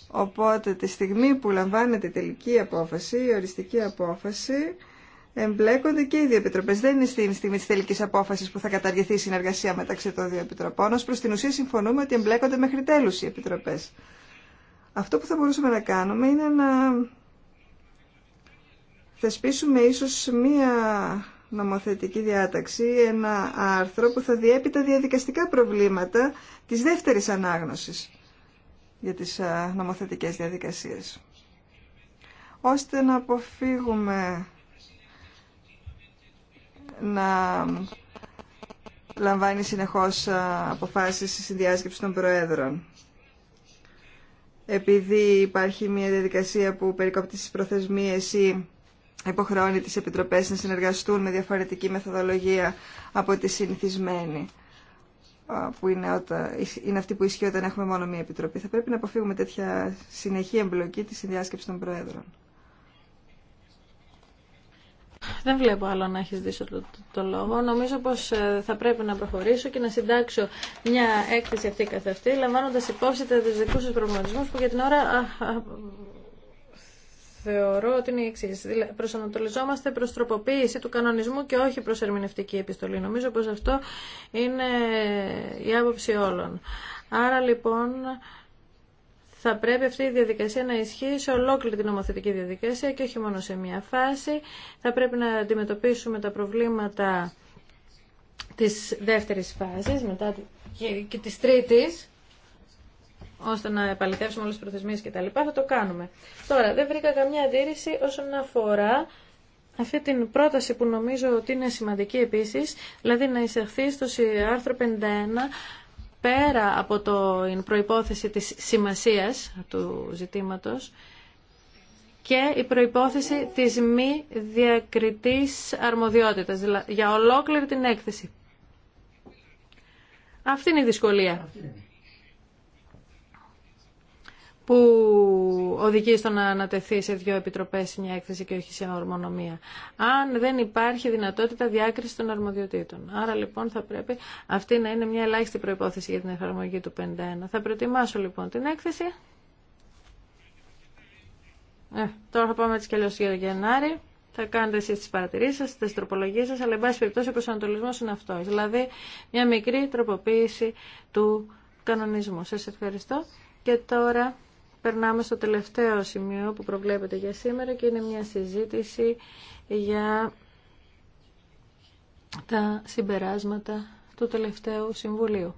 Οπότε τη στιγμή που λαμβάνεται η τελική απόφαση, η οριστική απόφαση, εμπλέκονται και οι δύο επιτροπέ. Δεν είναι στη στιγμή τη τελική απόφαση που θα καταργηθεί η συνεργασία μεταξύ των δύο επιτροπών. Ω προ την ουσία, συμφωνούμε ότι εμπλέκονται μέχρι τέλου οι επιτροπέ. Αυτό που θα μπορούσαμε να κάνουμε είναι να θεσπίσουμε ίσω μία νομοθετική διάταξη, ένα άρθρο που θα διέπει τα διαδικαστικά προβλήματα της δεύτερης ανάγνωσης για τις ε, νομοθετικές διαδικασίες. Ώστε να αποφύγουμε να λαμβάνει συνεχώς ε, αποφάσεις στη συνδιάσκεψη των Προέδρων. Επειδή υπάρχει μια διαδικασία που περικόπτει τις προθεσμίες ή υποχρεώνει τις Επιτροπές να συνεργαστούν με διαφορετική μεθοδολογία από τη συνηθισμένη που είναι, είναι αυτή που ισχύει όταν έχουμε μόνο μία επιτροπή. Θα πρέπει να αποφύγουμε τέτοια συνεχή εμπλοκή της συνδιάσκεψης των Προέδρων. Δεν βλέπω άλλο να έχεις δει το, το, λόγο. Νομίζω πως ε, θα πρέπει να προχωρήσω και να συντάξω μια έκθεση αυτή καθ' αυτή, λαμβάνοντας υπόψη τα τους δικούς σας που για την ώρα α, θεωρώ ότι είναι η εξή. Προσανατολιζόμαστε προ τροποποίηση του κανονισμού και όχι προ ερμηνευτική επιστολή. Νομίζω πω αυτό είναι η άποψη όλων. Άρα λοιπόν θα πρέπει αυτή η διαδικασία να ισχύει σε ολόκληρη την νομοθετική διαδικασία και όχι μόνο σε μία φάση. Θα πρέπει να αντιμετωπίσουμε τα προβλήματα της δεύτερης φάσης και της τρίτης ώστε να επαληθεύσουμε όλες τις προθεσμίες και τα λοιπά, θα το κάνουμε. Τώρα, δεν βρήκα καμιά αντίρρηση όσον αφορά αυτή την πρόταση που νομίζω ότι είναι σημαντική επίσης, δηλαδή να εισαχθεί στο άρθρο 51 πέρα από την προϋπόθεση της σημασίας του ζητήματος και η προϋπόθεση της μη διακριτής αρμοδιότητας δηλαδή για ολόκληρη την έκθεση. Αυτή είναι η δυσκολία που οδηγεί στο να ανατεθεί σε δύο επιτροπές μια έκθεση και όχι σε ορμονομία. Αν δεν υπάρχει δυνατότητα διάκριση των αρμοδιοτήτων. Άρα λοιπόν θα πρέπει αυτή να είναι μια ελάχιστη προπόθεση για την εφαρμογή του 51. Θα προετοιμάσω λοιπόν την έκθεση. Ε, τώρα θα πάμε έτσι και αλλιώς για Γενάρη. Θα κάνετε εσεί τι παρατηρήσει σα, τι τροπολογίε σα, αλλά εν πάση περιπτώσει ο προσανατολισμό είναι αυτό. Δηλαδή μια μικρή τροποποίηση του κανονισμού. Σα ευχαριστώ. Και τώρα Περνάμε στο τελευταίο σημείο που προβλέπεται για σήμερα και είναι μια συζήτηση για τα συμπεράσματα του τελευταίου Συμβουλίου.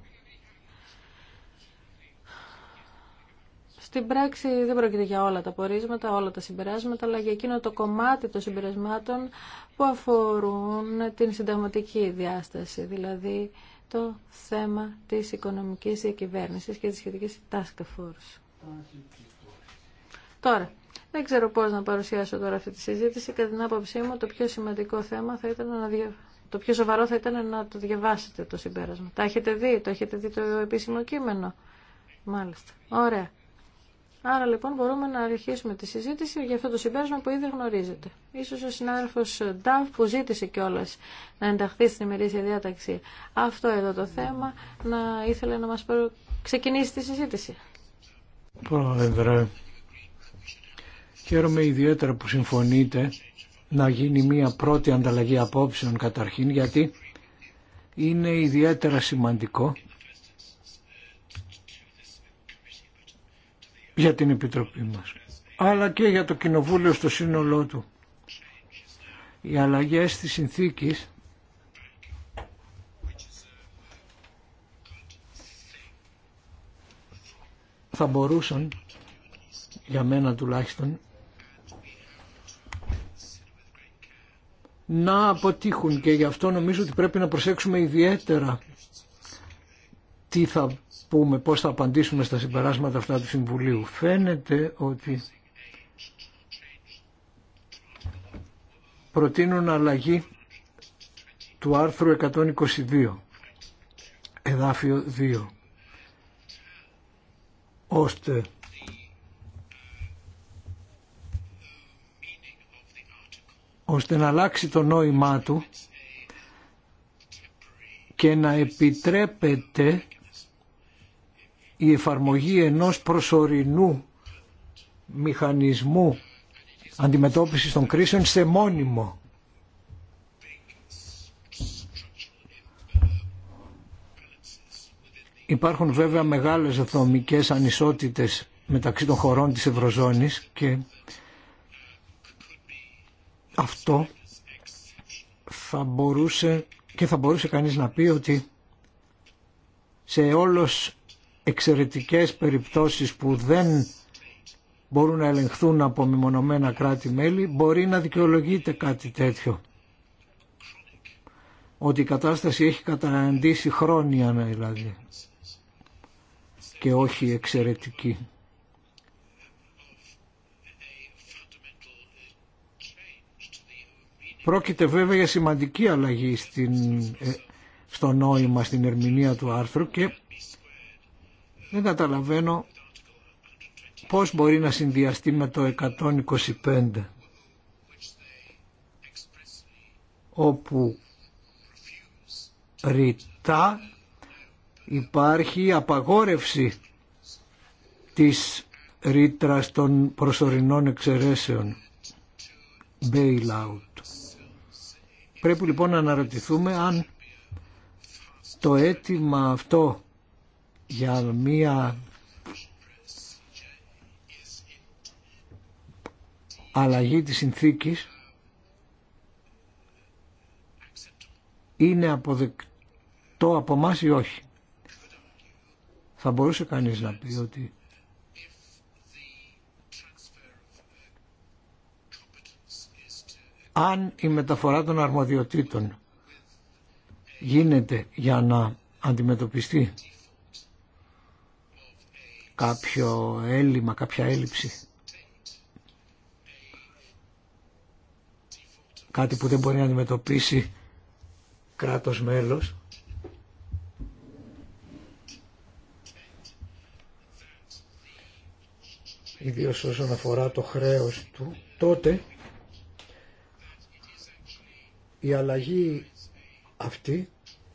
Στην πράξη δεν πρόκειται για όλα τα πορίσματα, όλα τα συμπεράσματα, αλλά για εκείνο το κομμάτι των συμπερασμάτων που αφορούν την συνταγματική διάσταση, δηλαδή το θέμα της οικονομικής διακυβέρνησης και της σχετικής task force. Τώρα, δεν ξέρω πώ να παρουσιάσω τώρα αυτή τη συζήτηση. Κατά την άποψή μου, το πιο σημαντικό θέμα θα ήταν να Το πιο σοβαρό θα ήταν να το διαβάσετε το συμπέρασμα. Τα έχετε δει, το έχετε δει το επίσημο κείμενο. Μάλιστα. Ωραία. Άρα λοιπόν μπορούμε να αρχίσουμε τη συζήτηση για αυτό το συμπέρασμα που ήδη γνωρίζετε. Ίσως ο συνάδελφος Νταβ που ζήτησε κιόλα να ενταχθεί στην ημερήσια διάταξη αυτό εδώ το θέμα να ήθελε να μας προ... ξεκινήσει τη συζήτηση. Πρόεδρε, χαίρομαι ιδιαίτερα που συμφωνείτε να γίνει μία πρώτη ανταλλαγή απόψεων καταρχήν γιατί είναι ιδιαίτερα σημαντικό για την Επιτροπή μας αλλά και για το Κοινοβούλιο στο σύνολό του. Οι αλλαγές της συνθήκης θα μπορούσαν, για μένα τουλάχιστον, να αποτύχουν και γι' αυτό νομίζω ότι πρέπει να προσέξουμε ιδιαίτερα τι θα πούμε, πώς θα απαντήσουμε στα συμπεράσματα αυτά του Συμβουλίου. Φαίνεται ότι προτείνουν αλλαγή του άρθρου 122, εδάφιο 2 ώστε ώστε να αλλάξει το νόημά του και να επιτρέπεται η εφαρμογή ενός προσωρινού μηχανισμού αντιμετώπισης των κρίσεων σε μόνιμο Υπάρχουν βέβαια μεγάλες δομικές ανισότητες μεταξύ των χωρών της Ευρωζώνης και αυτό θα μπορούσε και θα μπορούσε κανείς να πει ότι σε όλες εξαιρετικές περιπτώσεις που δεν μπορούν να ελεγχθούν από μεμονωμένα κράτη-μέλη μπορεί να δικαιολογείται κάτι τέτοιο. Ότι η κατάσταση έχει καταναντήσει χρόνια δηλαδή και όχι εξαιρετική. Πρόκειται βέβαια για σημαντική αλλαγή στην, ε, στο νόημα, στην ερμηνεία του άρθρου και δεν καταλαβαίνω πώς μπορεί να συνδυαστεί με το 125 όπου ρητά υπάρχει απαγόρευση της ρήτρα των προσωρινών εξαιρέσεων bailout. Πρέπει λοιπόν να αναρωτηθούμε αν το αίτημα αυτό για μία αλλαγή της συνθήκης είναι αποδεκτό από εμά ή όχι. Θα μπορούσε κανείς να πει ότι αν η μεταφορά των αρμοδιοτήτων γίνεται για να αντιμετωπιστεί κάποιο έλλειμμα, κάποια έλλειψη κάτι που δεν μπορεί να αντιμετωπίσει κράτος μέλος ιδίως όσον αφορά το χρέος του, τότε η αλλαγή αυτή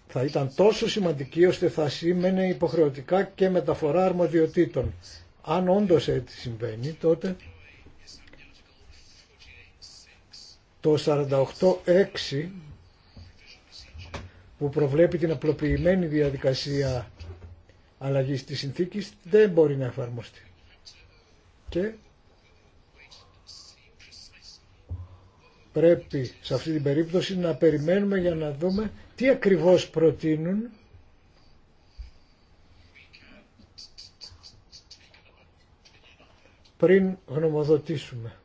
θα ήταν τόσο σημαντική ώστε θα σήμαινε υποχρεωτικά και μεταφορά αρμοδιοτήτων. Αν όντως έτσι συμβαίνει τότε το 48.6 που προβλέπει την απλοποιημένη διαδικασία αλλαγής της συνθήκης δεν μπορεί να εφαρμοστεί και πρέπει σε αυτή την περίπτωση να περιμένουμε για να δούμε τι ακριβώς προτείνουν πριν γνωμοδοτήσουμε.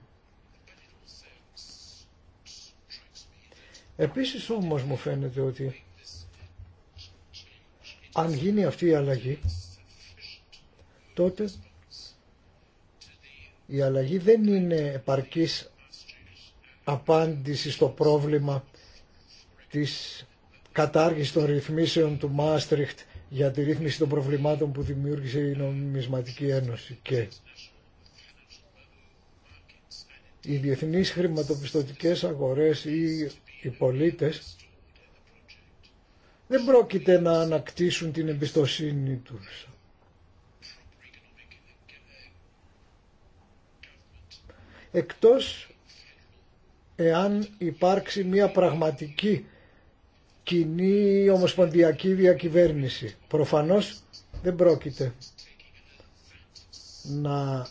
Επίσης όμως μου φαίνεται ότι αν γίνει αυτή η αλλαγή τότε η αλλαγή δεν είναι επαρκής απάντηση στο πρόβλημα της κατάργησης των ρυθμίσεων του Μάστριχτ για τη ρύθμιση των προβλημάτων που δημιούργησε η Νομισματική Ένωση και οι διεθνείς χρηματοπιστωτικές αγορές ή οι πολίτες δεν πρόκειται να ανακτήσουν την εμπιστοσύνη τους. εκτός εάν υπάρξει μια πραγματική κοινή ομοσπονδιακή διακυβέρνηση. Προφανώς δεν πρόκειται να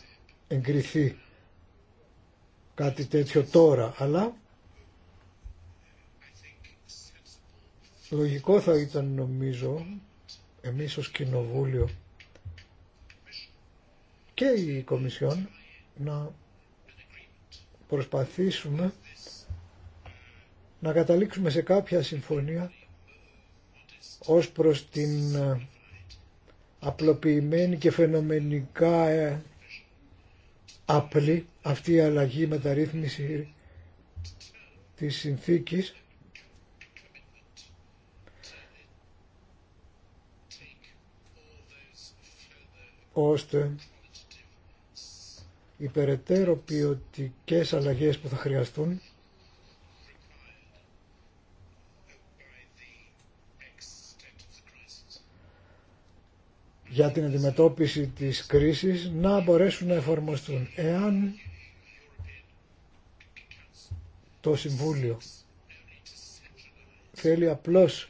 εγκριθεί κάτι τέτοιο τώρα, αλλά λογικό θα ήταν νομίζω εμείς ως Κοινοβούλιο και η Κομισιόν να προσπαθήσουμε να καταλήξουμε σε κάποια συμφωνία ως προς την ε, απλοποιημένη και φαινομενικά ε, απλή αυτή η αλλαγή μεταρρύθμιση της συνθήκης ώστε οι περαιτέρω ποιοτικέ αλλαγές που θα χρειαστούν για την αντιμετώπιση της κρίσης να μπορέσουν να εφαρμοστούν. Εάν το Συμβούλιο θέλει απλώς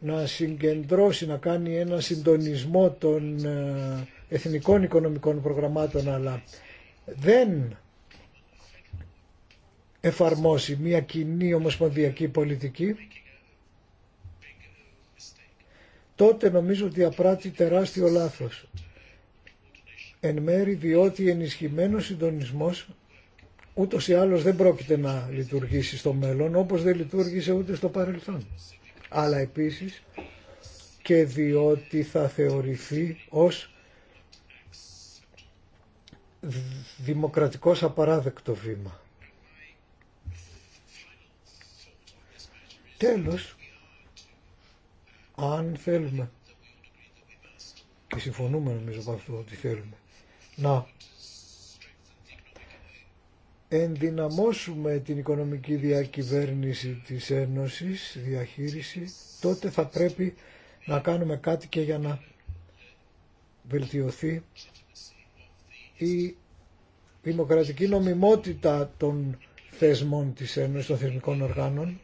να συγκεντρώσει, να κάνει ένα συντονισμό των ε, εθνικών οικονομικών προγραμμάτων αλλά δεν εφαρμόσει μια κοινή ομοσπονδιακή πολιτική τότε νομίζω ότι απράττει τεράστιο λάθος. Εν μέρη διότι ενισχυμένος συντονισμός ούτως ή άλλως δεν πρόκειται να λειτουργήσει στο μέλλον όπως δεν λειτουργήσε ούτε στο παρελθόν. Αλλά επίσης και διότι θα θεωρηθεί ως δημοκρατικός απαράδεκτο βήμα. Τέλος, αν θέλουμε, και συμφωνούμε νομίζω από αυτό ότι θέλουμε, να ενδυναμώσουμε την οικονομική διακυβέρνηση της Ένωσης, διαχείριση, τότε θα πρέπει να κάνουμε κάτι και για να βελτιωθεί η δημοκρατική νομιμότητα των θεσμών της Ένωσης, των θεσμικών οργάνων,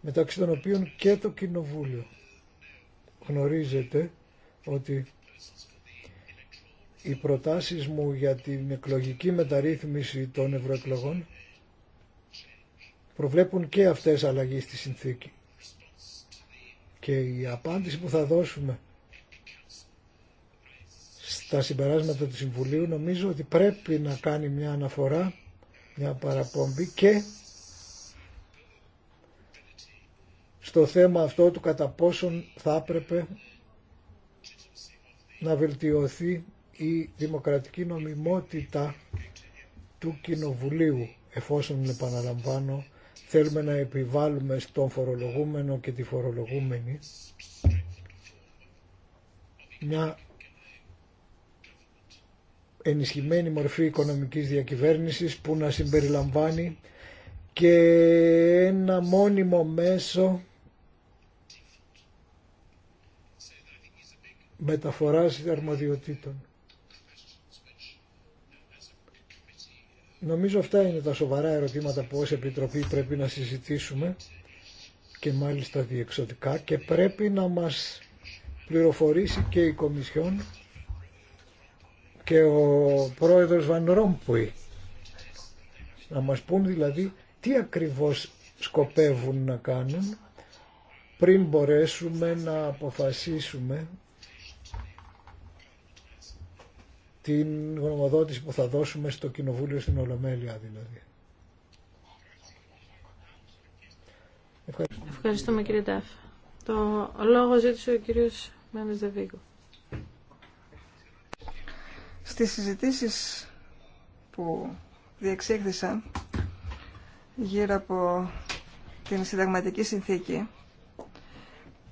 μεταξύ των οποίων και το Κοινοβούλιο. Γνωρίζετε ότι οι προτάσεις μου για την εκλογική μεταρρύθμιση των ευρωεκλογών προβλέπουν και αυτές αλλαγή στη συνθήκη. Και η απάντηση που θα δώσουμε στα συμπεράσματα του Συμβουλίου νομίζω ότι πρέπει να κάνει μια αναφορά, μια παραπομπή και στο θέμα αυτό του κατά πόσον θα έπρεπε να βελτιωθεί η δημοκρατική νομιμότητα του Κοινοβουλίου εφόσον επαναλαμβάνω θέλουμε να επιβάλλουμε στον φορολογούμενο και τη φορολογούμενη μια ενισχυμένη μορφή οικονομικής διακυβέρνησης που να συμπεριλαμβάνει και ένα μόνιμο μέσο μεταφοράς αρμοδιοτήτων. Νομίζω αυτά είναι τα σοβαρά ερωτήματα που ως Επιτροπή πρέπει να συζητήσουμε και μάλιστα διεξοδικά και πρέπει να μας πληροφορήσει και η Κομισιόν και ο πρόεδρος Βαν Ρόμπουι. Να μας πούν δηλαδή τι ακριβώς σκοπεύουν να κάνουν πριν μπορέσουμε να αποφασίσουμε την γνωμοδότηση που θα δώσουμε στο Κοινοβούλιο στην Ολομέλεια δηλαδή. Ευχαριστούμε. κύριε Τάφ. Το λόγο ζήτησε ο κύριος Μένες Δεβίγκο. Στις συζητήσεις που διεξήχθησαν γύρω από την συνταγματική συνθήκη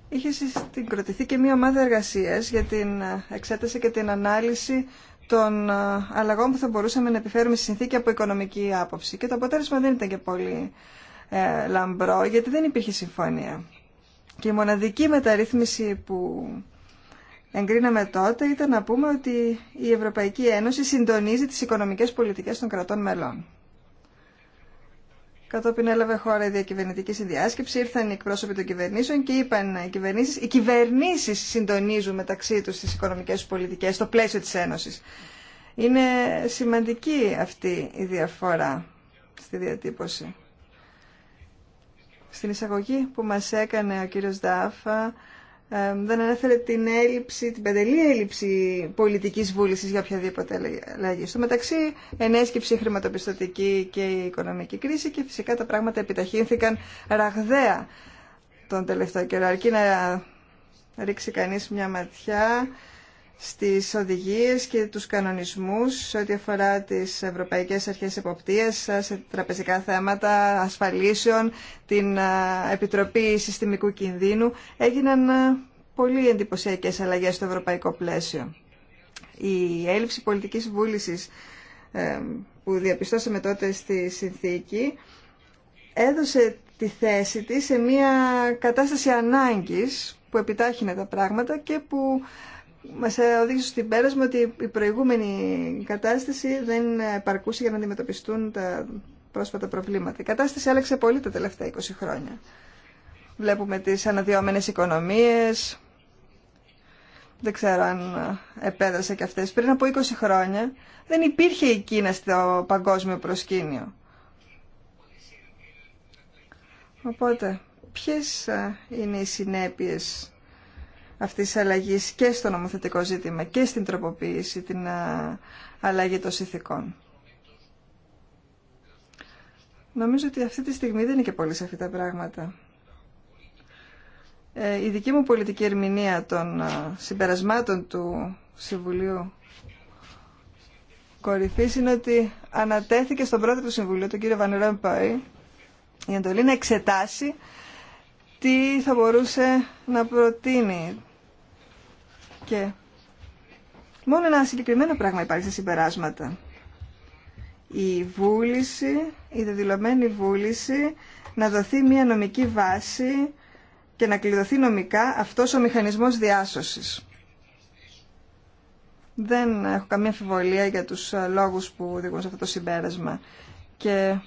είχε συγκροτηθεί και μία ομάδα εργασίας για την εξέταση και την ανάλυση των αλλαγών που θα μπορούσαμε να επιφέρουμε στη συνθήκη από οικονομική άποψη. Και το αποτέλεσμα δεν ήταν και πολύ ε, λαμπρό, γιατί δεν υπήρχε συμφωνία. Και η μοναδική μεταρρύθμιση που εγκρίναμε τότε ήταν να πούμε ότι η Ευρωπαϊκή Ένωση συντονίζει τις οικονομικές πολιτικές των κρατών μελών. Κατόπιν έλαβε χώρα η διακυβερνητική συνδιάσκεψη, ήρθαν οι εκπρόσωποι των κυβερνήσεων και είπαν οι κυβερνήσεις, οι κυβερνήσεις συντονίζουν μεταξύ τους τις οικονομικές πολιτικές στο πλαίσιο της Ένωσης. Είναι σημαντική αυτή η διαφορά στη διατύπωση. Στην εισαγωγή που μας έκανε ο κύριος Ντάφα, δεν ανέφερε την έλλειψη, την πεντελή έλλειψη πολιτικής βούλησης για οποιαδήποτε αλλαγή. Στο μεταξύ ενέσκυψε η χρηματοπιστωτική και η οικονομική κρίση και φυσικά τα πράγματα επιταχύνθηκαν ραγδαία τον τελευταίο καιρό. Αρκεί να ρίξει κανεί μια ματιά στις οδηγίες και τους κανονισμούς σε ό,τι αφορά τις Ευρωπαϊκές Αρχές Εποπτείας σε τραπεζικά θέματα ασφαλίσεων, την Επιτροπή Συστημικού Κινδύνου έγιναν πολύ εντυπωσιακές αλλαγές στο ευρωπαϊκό πλαίσιο. Η έλλειψη πολιτικής βούλησης ε, που διαπιστώσαμε τότε στη συνθήκη έδωσε τη θέση της σε μια κατάσταση ανάγκης που επιτάχυνε τα πράγματα και που Μα οδήγησε στην πέρασμα ότι η προηγούμενη κατάσταση δεν παρκούσε για να αντιμετωπιστούν τα πρόσφατα προβλήματα. Η κατάσταση άλλαξε πολύ τα τελευταία 20 χρόνια. Βλέπουμε τις αναδυόμενες οικονομίες, δεν ξέρω αν επέδρασε και αυτές. Πριν από 20 χρόνια δεν υπήρχε η Κίνα στο παγκόσμιο προσκήνιο. Οπότε, ποιες είναι οι συνέπειες αυτής της αλλαγής και στο νομοθετικό ζήτημα και στην τροποποίηση, την αλλαγή των συνθηκών. Νομίζω ότι αυτή τη στιγμή δεν είναι και πολύ σαφή τα πράγματα. Ε, η δική μου πολιτική ερμηνεία των συμπερασμάτων του Συμβουλίου Κορυφής είναι ότι ανατέθηκε στον πρόεδρο του Συμβουλίου, τον κύριο Βαν Ρομπαϊ, η εντολή να εξετάσει τι θα μπορούσε να προτείνει και μόνο ένα συγκεκριμένο πράγμα υπάρχει στα συμπεράσματα. Η βούληση, η δεδηλωμένη βούληση να δοθεί μια νομική βάση και να κλειδωθεί νομικά αυτός ο μηχανισμός διάσωσης. Δεν έχω καμία αμφιβολία για τους λόγους που οδηγούν σε αυτό το συμπέρασμα. Και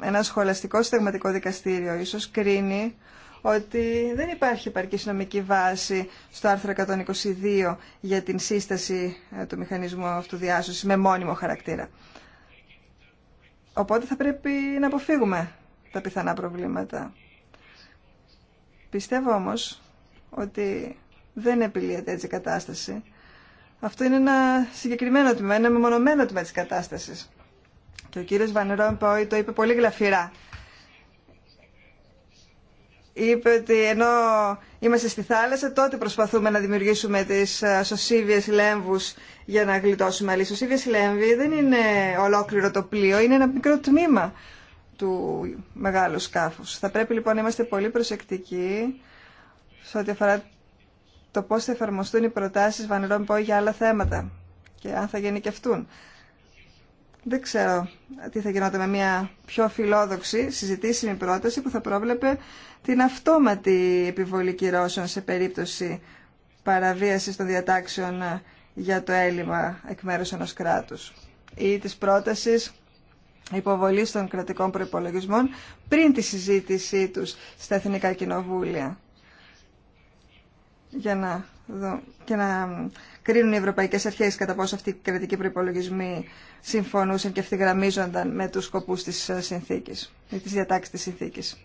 ένα σχολαστικό στεγματικό δικαστήριο ίσως κρίνει ότι δεν υπάρχει επαρκή νομική βάση στο άρθρο 122 για την σύσταση ε, του μηχανισμού αυτοδιάσωσης με μόνιμο χαρακτήρα. Οπότε θα πρέπει να αποφύγουμε τα πιθανά προβλήματα. Πιστεύω όμως ότι δεν επιλύεται έτσι η κατάσταση. Αυτό είναι ένα συγκεκριμένο τμήμα, ένα μεμονωμένο τμήμα της κατάστασης. Και ο κύριος το είπε πολύ γλαφυρά είπε ότι ενώ είμαστε στη θάλασσα τότε προσπαθούμε να δημιουργήσουμε τις ε, σωσίβιες λέμβους για να γλιτώσουμε. Αλλά οι σωσίβιες λέμβοι δεν είναι ολόκληρο το πλοίο, είναι ένα μικρό τμήμα του μεγάλου σκάφους. Θα πρέπει λοιπόν να είμαστε πολύ προσεκτικοί σε ό,τι αφορά το πώς θα εφαρμοστούν οι προτάσεις Βανερόμπο για άλλα θέματα και αν θα γενικευτούν. Δεν ξέρω τι θα γινόταν με μια πιο φιλόδοξη συζητήσιμη πρόταση που θα πρόβλεπε την αυτόματη επιβολή κυρώσεων σε περίπτωση παραβίασης των διατάξεων για το έλλειμμα εκ μέρους ενός κράτους ή της πρότασης υποβολής των κρατικών προϋπολογισμών πριν τη συζήτησή τους στα Εθνικά Κοινοβούλια για να και να κρίνουν οι ευρωπαϊκές αρχές κατά πόσο αυτοί οι κρατικοί προϋπολογισμοί συμφωνούσαν και ευθυγραμμίζονταν με τους σκοπούς της ε, συνθήκης ή της διατάξης της συνθήκης.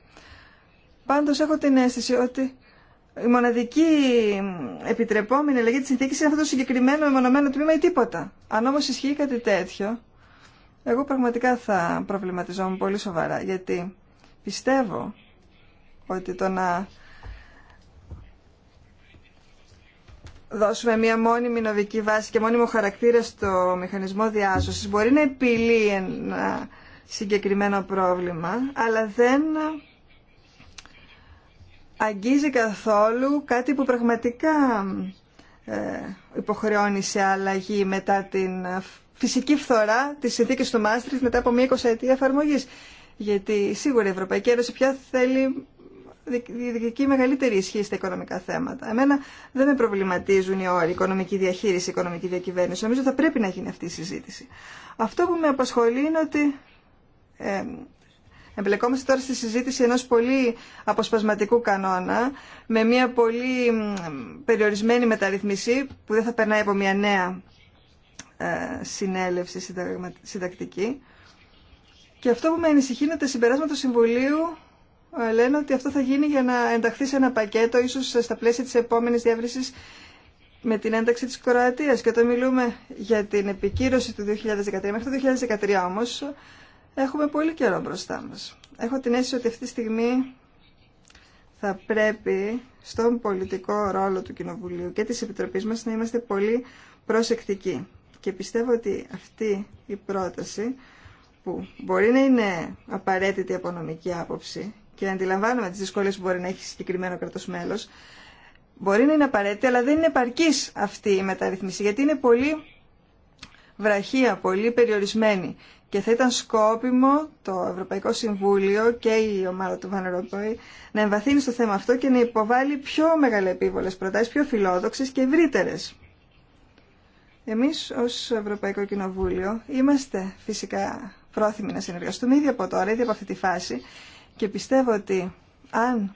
Πάντως έχω την αίσθηση ότι με της συνθήκης είναι αυτό το συγκεκριμένο μεμονωμένο τμήμα ή τίποτα. Αν όμως ισχύει κάτι τέτοιο, εγώ πραγματικά θα προβληματιζόμουν πολύ σοβαρά, γιατί πιστεύω ότι το να δώσουμε μια μόνιμη νομική βάση και μόνιμο χαρακτήρα στο μηχανισμό διάσωσης μπορεί να επιλύει ένα συγκεκριμένο πρόβλημα, αλλά δεν αγγίζει καθόλου κάτι που πραγματικά ε, υποχρεώνει σε αλλαγή μετά την φυσική φθορά της συνθήκης του Μάστριχ μετά από μία εικοσαετία εφαρμογή. Γιατί σίγουρα η Ευρωπαϊκή Ένωση πια θέλει διεκδικεί μεγαλύτερη ισχύ στα οικονομικά θέματα. Εμένα δεν με προβληματίζουν οι όροι οικονομική διαχείριση, οικονομική διακυβέρνηση. Νομίζω θα πρέπει να γίνει αυτή η συζήτηση. Αυτό που με απασχολεί είναι ότι ε, εμπλεκόμαστε τώρα στη συζήτηση ενός πολύ αποσπασματικού κανόνα με μια πολύ περιορισμένη μεταρρυθμίση που δεν θα περνάει από μια νέα ε, συνέλευση συντακτική. Και αυτό που με ανησυχεί είναι ότι τα συμπεράσματα του Συμβουλίου ε, λένε ότι αυτό θα γίνει για να ενταχθεί σε ένα πακέτο, ίσως στα πλαίσια της επόμενης διεύρυνσης με την ένταξη της Κροατίας. Και όταν μιλούμε για την επικύρωση του 2013, μέχρι το 2013 όμως, έχουμε πολύ καιρό μπροστά μας. Έχω την αίσθηση ότι αυτή τη στιγμή θα πρέπει στον πολιτικό ρόλο του Κοινοβουλίου και της Επιτροπής μας να είμαστε πολύ προσεκτικοί. Και πιστεύω ότι αυτή η πρόταση που μπορεί να είναι απαραίτητη από νομική άποψη και αντιλαμβάνουμε τις δυσκολίες που μπορεί να έχει συγκεκριμένο κράτο μπορεί να είναι απαραίτητη, αλλά δεν είναι επαρκή αυτή η μεταρρύθμιση, γιατί είναι πολύ βραχία, πολύ περιορισμένη. Και θα ήταν σκόπιμο το Ευρωπαϊκό Συμβούλιο και η ομάδα του Βαν να εμβαθύνει στο θέμα αυτό και να υποβάλει πιο μεγαλεπίβολε προτάσει, πιο φιλόδοξε και ευρύτερε. Εμεί, ω Ευρωπαϊκό Κοινοβούλιο είμαστε φυσικά πρόθυμοι να συνεργαστούμε ήδη από τώρα, ήδη από αυτή τη φάση και πιστεύω ότι αν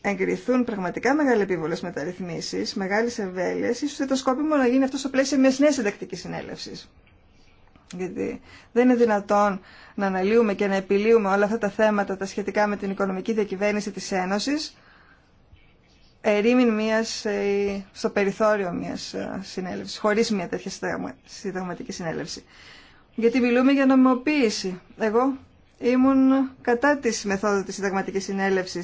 εγκριθούν πραγματικά μεγάλε επίβολε μεταρρυθμίσει, μεγάλε ευέλειε, ίσω το σκόπιμο να γίνει αυτό στο πλαίσιο μια νέα συντακτική συνέλευση. Γιατί δεν είναι δυνατόν να αναλύουμε και να επιλύουμε όλα αυτά τα θέματα τα σχετικά με την οικονομική διακυβέρνηση της Ένωσης ερήμην μίας, ε, στο περιθώριο μιας ε, συνέλευσης, χωρίς μια τέτοια συνταγματική συνέλευση γιατί μιλούμε για νομιμοποίηση. Εγώ ήμουν κατά τη μεθόδου τη συνταγματική συνέλευση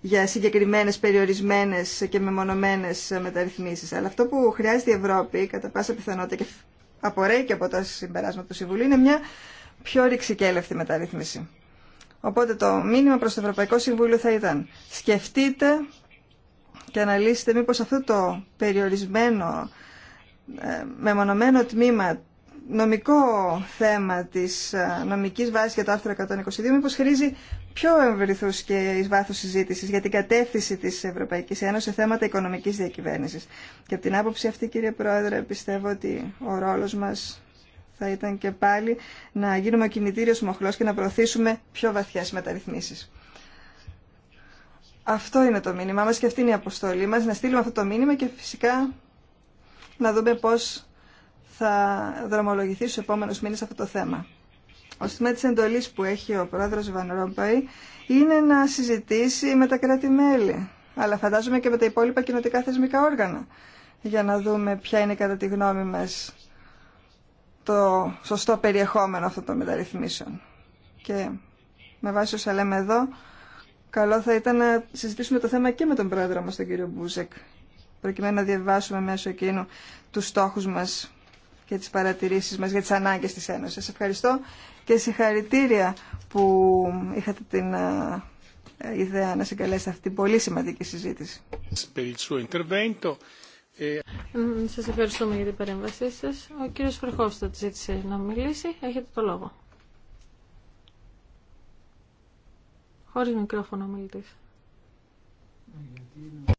για συγκεκριμένε, περιορισμένε και μεμονωμένες μεταρρυθμίσει. Αλλά αυτό που χρειάζεται η Ευρώπη, κατά πάσα πιθανότητα και απορρέει και από τα συμπεράσματα του Συμβουλίου, είναι μια πιο ρηξικέλευτη μεταρρύθμιση. Οπότε το μήνυμα προ το Ευρωπαϊκό Συμβούλιο θα ήταν σκεφτείτε και αναλύσετε μήπω αυτό το περιορισμένο ε, μεμονωμένο τμήμα νομικό θέμα της νομικής βάσης για το άρθρο 122 μήπως χρήζει πιο ευρυθούς και εις βάθος συζήτησης για την κατεύθυνση της Ευρωπαϊκής Ένωσης σε θέματα οικονομικής διακυβέρνησης. Και από την άποψη αυτή κύριε Πρόεδρε πιστεύω ότι ο ρόλος μας θα ήταν και πάλι να γίνουμε κινητήριο κινητήριος μοχλός και να προωθήσουμε πιο βαθίε μεταρρυθμίσεις. Αυτό είναι το μήνυμά μας και αυτή είναι η αποστολή μας, να στείλουμε αυτό το μήνυμα και φυσικά να δούμε πώς θα δρομολογηθεί στου επόμενου μήνε αυτό το θέμα. Ο στήμα τη εντολή που έχει ο πρόεδρο Βαν Ρόμπαϊ είναι να συζητήσει με τα κράτη-μέλη, αλλά φαντάζομαι και με τα υπόλοιπα κοινοτικά θεσμικά όργανα, για να δούμε ποια είναι κατά τη γνώμη μα το σωστό περιεχόμενο αυτών των μεταρρυθμίσεων. Και με βάση όσα λέμε εδώ, καλό θα ήταν να συζητήσουμε το θέμα και με τον πρόεδρο μας, τον κύριο Μπούζεκ, προκειμένου να διαβάσουμε μέσω εκείνου τους στόχους μας και τις παρατηρήσεις μας για τις ανάγκες της Ένωσης. Σας ευχαριστώ και συγχαρητήρια που είχατε την ε, ιδέα να συγκαλέσετε αυτή την πολύ σημαντική συζήτηση. Ε, σας ευχαριστούμε για την παρέμβασή σα. Ο κύριος Φερχόφστατ ζήτησε να μιλήσει. Έχετε το λόγο. Χωρί μικρόφωνο μιλητής. Ε,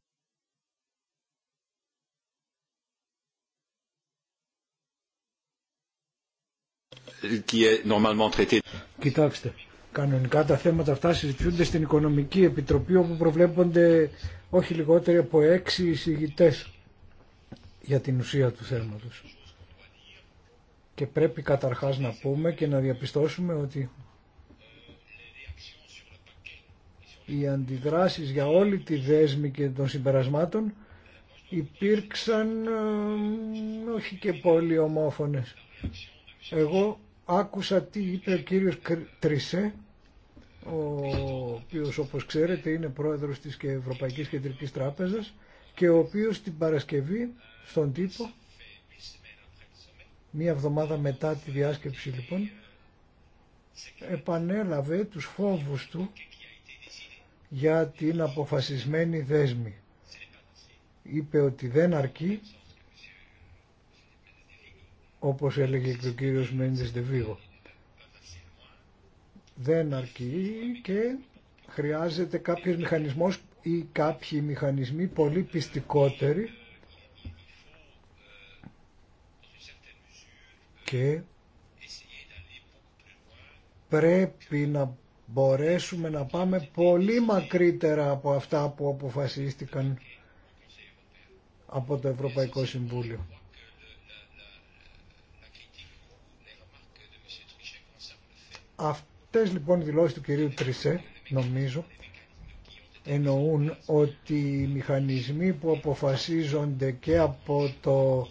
Κοιτάξτε, κανονικά τα θέματα αυτά συζητούνται στην Οικονομική Επιτροπή όπου προβλέπονται όχι λιγότεροι από έξι εισηγητέ για την ουσία του θέματος. Και πρέπει καταρχάς να πούμε και να διαπιστώσουμε ότι οι αντιδράσεις για όλη τη δέσμη και των συμπερασμάτων υπήρξαν ε, όχι και πολύ ομόφωνες. Εγώ Άκουσα τι είπε ο κύριος Τρισέ, ο οποίος όπως ξέρετε είναι πρόεδρος της Ευρωπαϊκής Κεντρικής Τράπεζας και ο οποίος την Παρασκευή στον τύπο, μία εβδομάδα μετά τη διάσκεψη λοιπόν, επανέλαβε τους φόβους του για την αποφασισμένη δέσμη. Είπε ότι δεν αρκεί όπως έλεγε και ο κύριος Μέντες Δεβίγο. Δεν αρκεί και χρειάζεται κάποιος μηχανισμός ή κάποιοι μηχανισμοί πολύ πιστικότεροι και πρέπει να μπορέσουμε να πάμε πολύ μακρύτερα από αυτά που αποφασίστηκαν από το Ευρωπαϊκό Συμβούλιο. Αυτές λοιπόν οι δηλώσεις του κυρίου Τρισέ νομίζω εννοούν ότι οι μηχανισμοί που αποφασίζονται και από το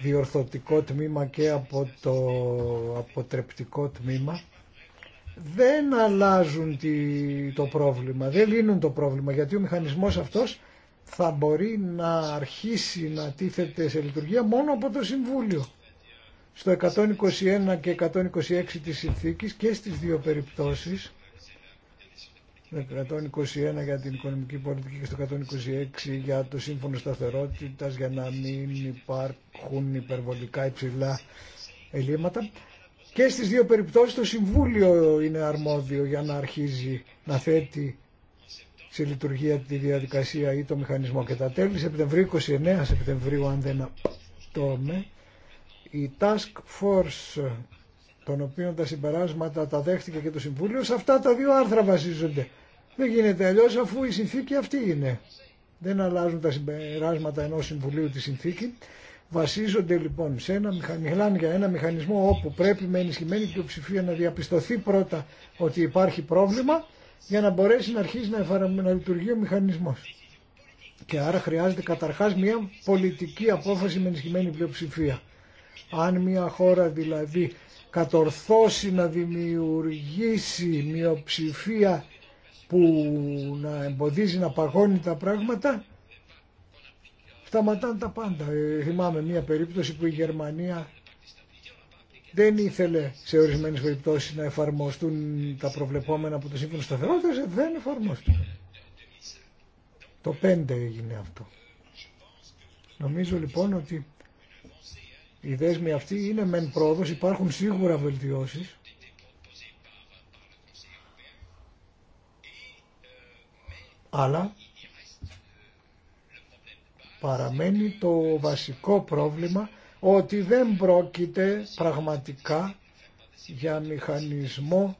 διορθωτικό τμήμα και από το αποτρεπτικό τμήμα δεν αλλάζουν το πρόβλημα, δεν λύνουν το πρόβλημα γιατί ο μηχανισμός αυτός θα μπορεί να αρχίσει να τίθεται σε λειτουργία μόνο από το Συμβούλιο στο 121 και 126 της συνθήκης και στις δύο περιπτώσεις 121 για την οικονομική πολιτική και στο 126 για το σύμφωνο σταθερότητας για να μην υπάρχουν υπερβολικά υψηλά ελλείμματα και στις δύο περιπτώσεις το Συμβούλιο είναι αρμόδιο για να αρχίζει να θέτει σε λειτουργία τη διαδικασία ή το μηχανισμό και τα τέλη Σεπτεμβρίου, 29 Σεπτεμβρίου αν δεν με, η Task Force, των οποίων τα συμπεράσματα τα δέχτηκε και το Συμβούλιο, σε αυτά τα δύο άρθρα βασίζονται. Δεν γίνεται αλλιώ αφού η συνθήκη αυτή είναι. Δεν αλλάζουν τα συμπεράσματα ενός Συμβουλίου τη συνθήκη. Βασίζονται λοιπόν σε ένα, μιλάνε για ένα μηχανισμό όπου πρέπει με ενισχυμένη πλειοψηφία να διαπιστωθεί πρώτα ότι υπάρχει πρόβλημα για να μπορέσει να αρχίσει να, εφαρα... να λειτουργεί ο μηχανισμός. Και άρα χρειάζεται καταρχάς μια πολιτική απόφαση με ενισχυμένη πλειοψηφία. Αν μια χώρα δηλαδή κατορθώσει να δημιουργήσει μειοψηφία που να εμποδίζει να παγώνει τα πράγματα, σταματάνε τα πάντα. Ε, θυμάμαι μια περίπτωση που η Γερμανία δεν ήθελε σε ορισμένε περιπτώσει να εφαρμοστούν τα προβλεπόμενα από το Σύμφωνο Σταθερότητα, δεν εφαρμόστηκαν. Το 5 έγινε αυτό. Νομίζω λοιπόν ότι οι δέσμοι αυτοί είναι μεν πρόοδος, υπάρχουν σίγουρα βελτιώσεις. Αλλά παραμένει το βασικό πρόβλημα ότι δεν πρόκειται πραγματικά για μηχανισμό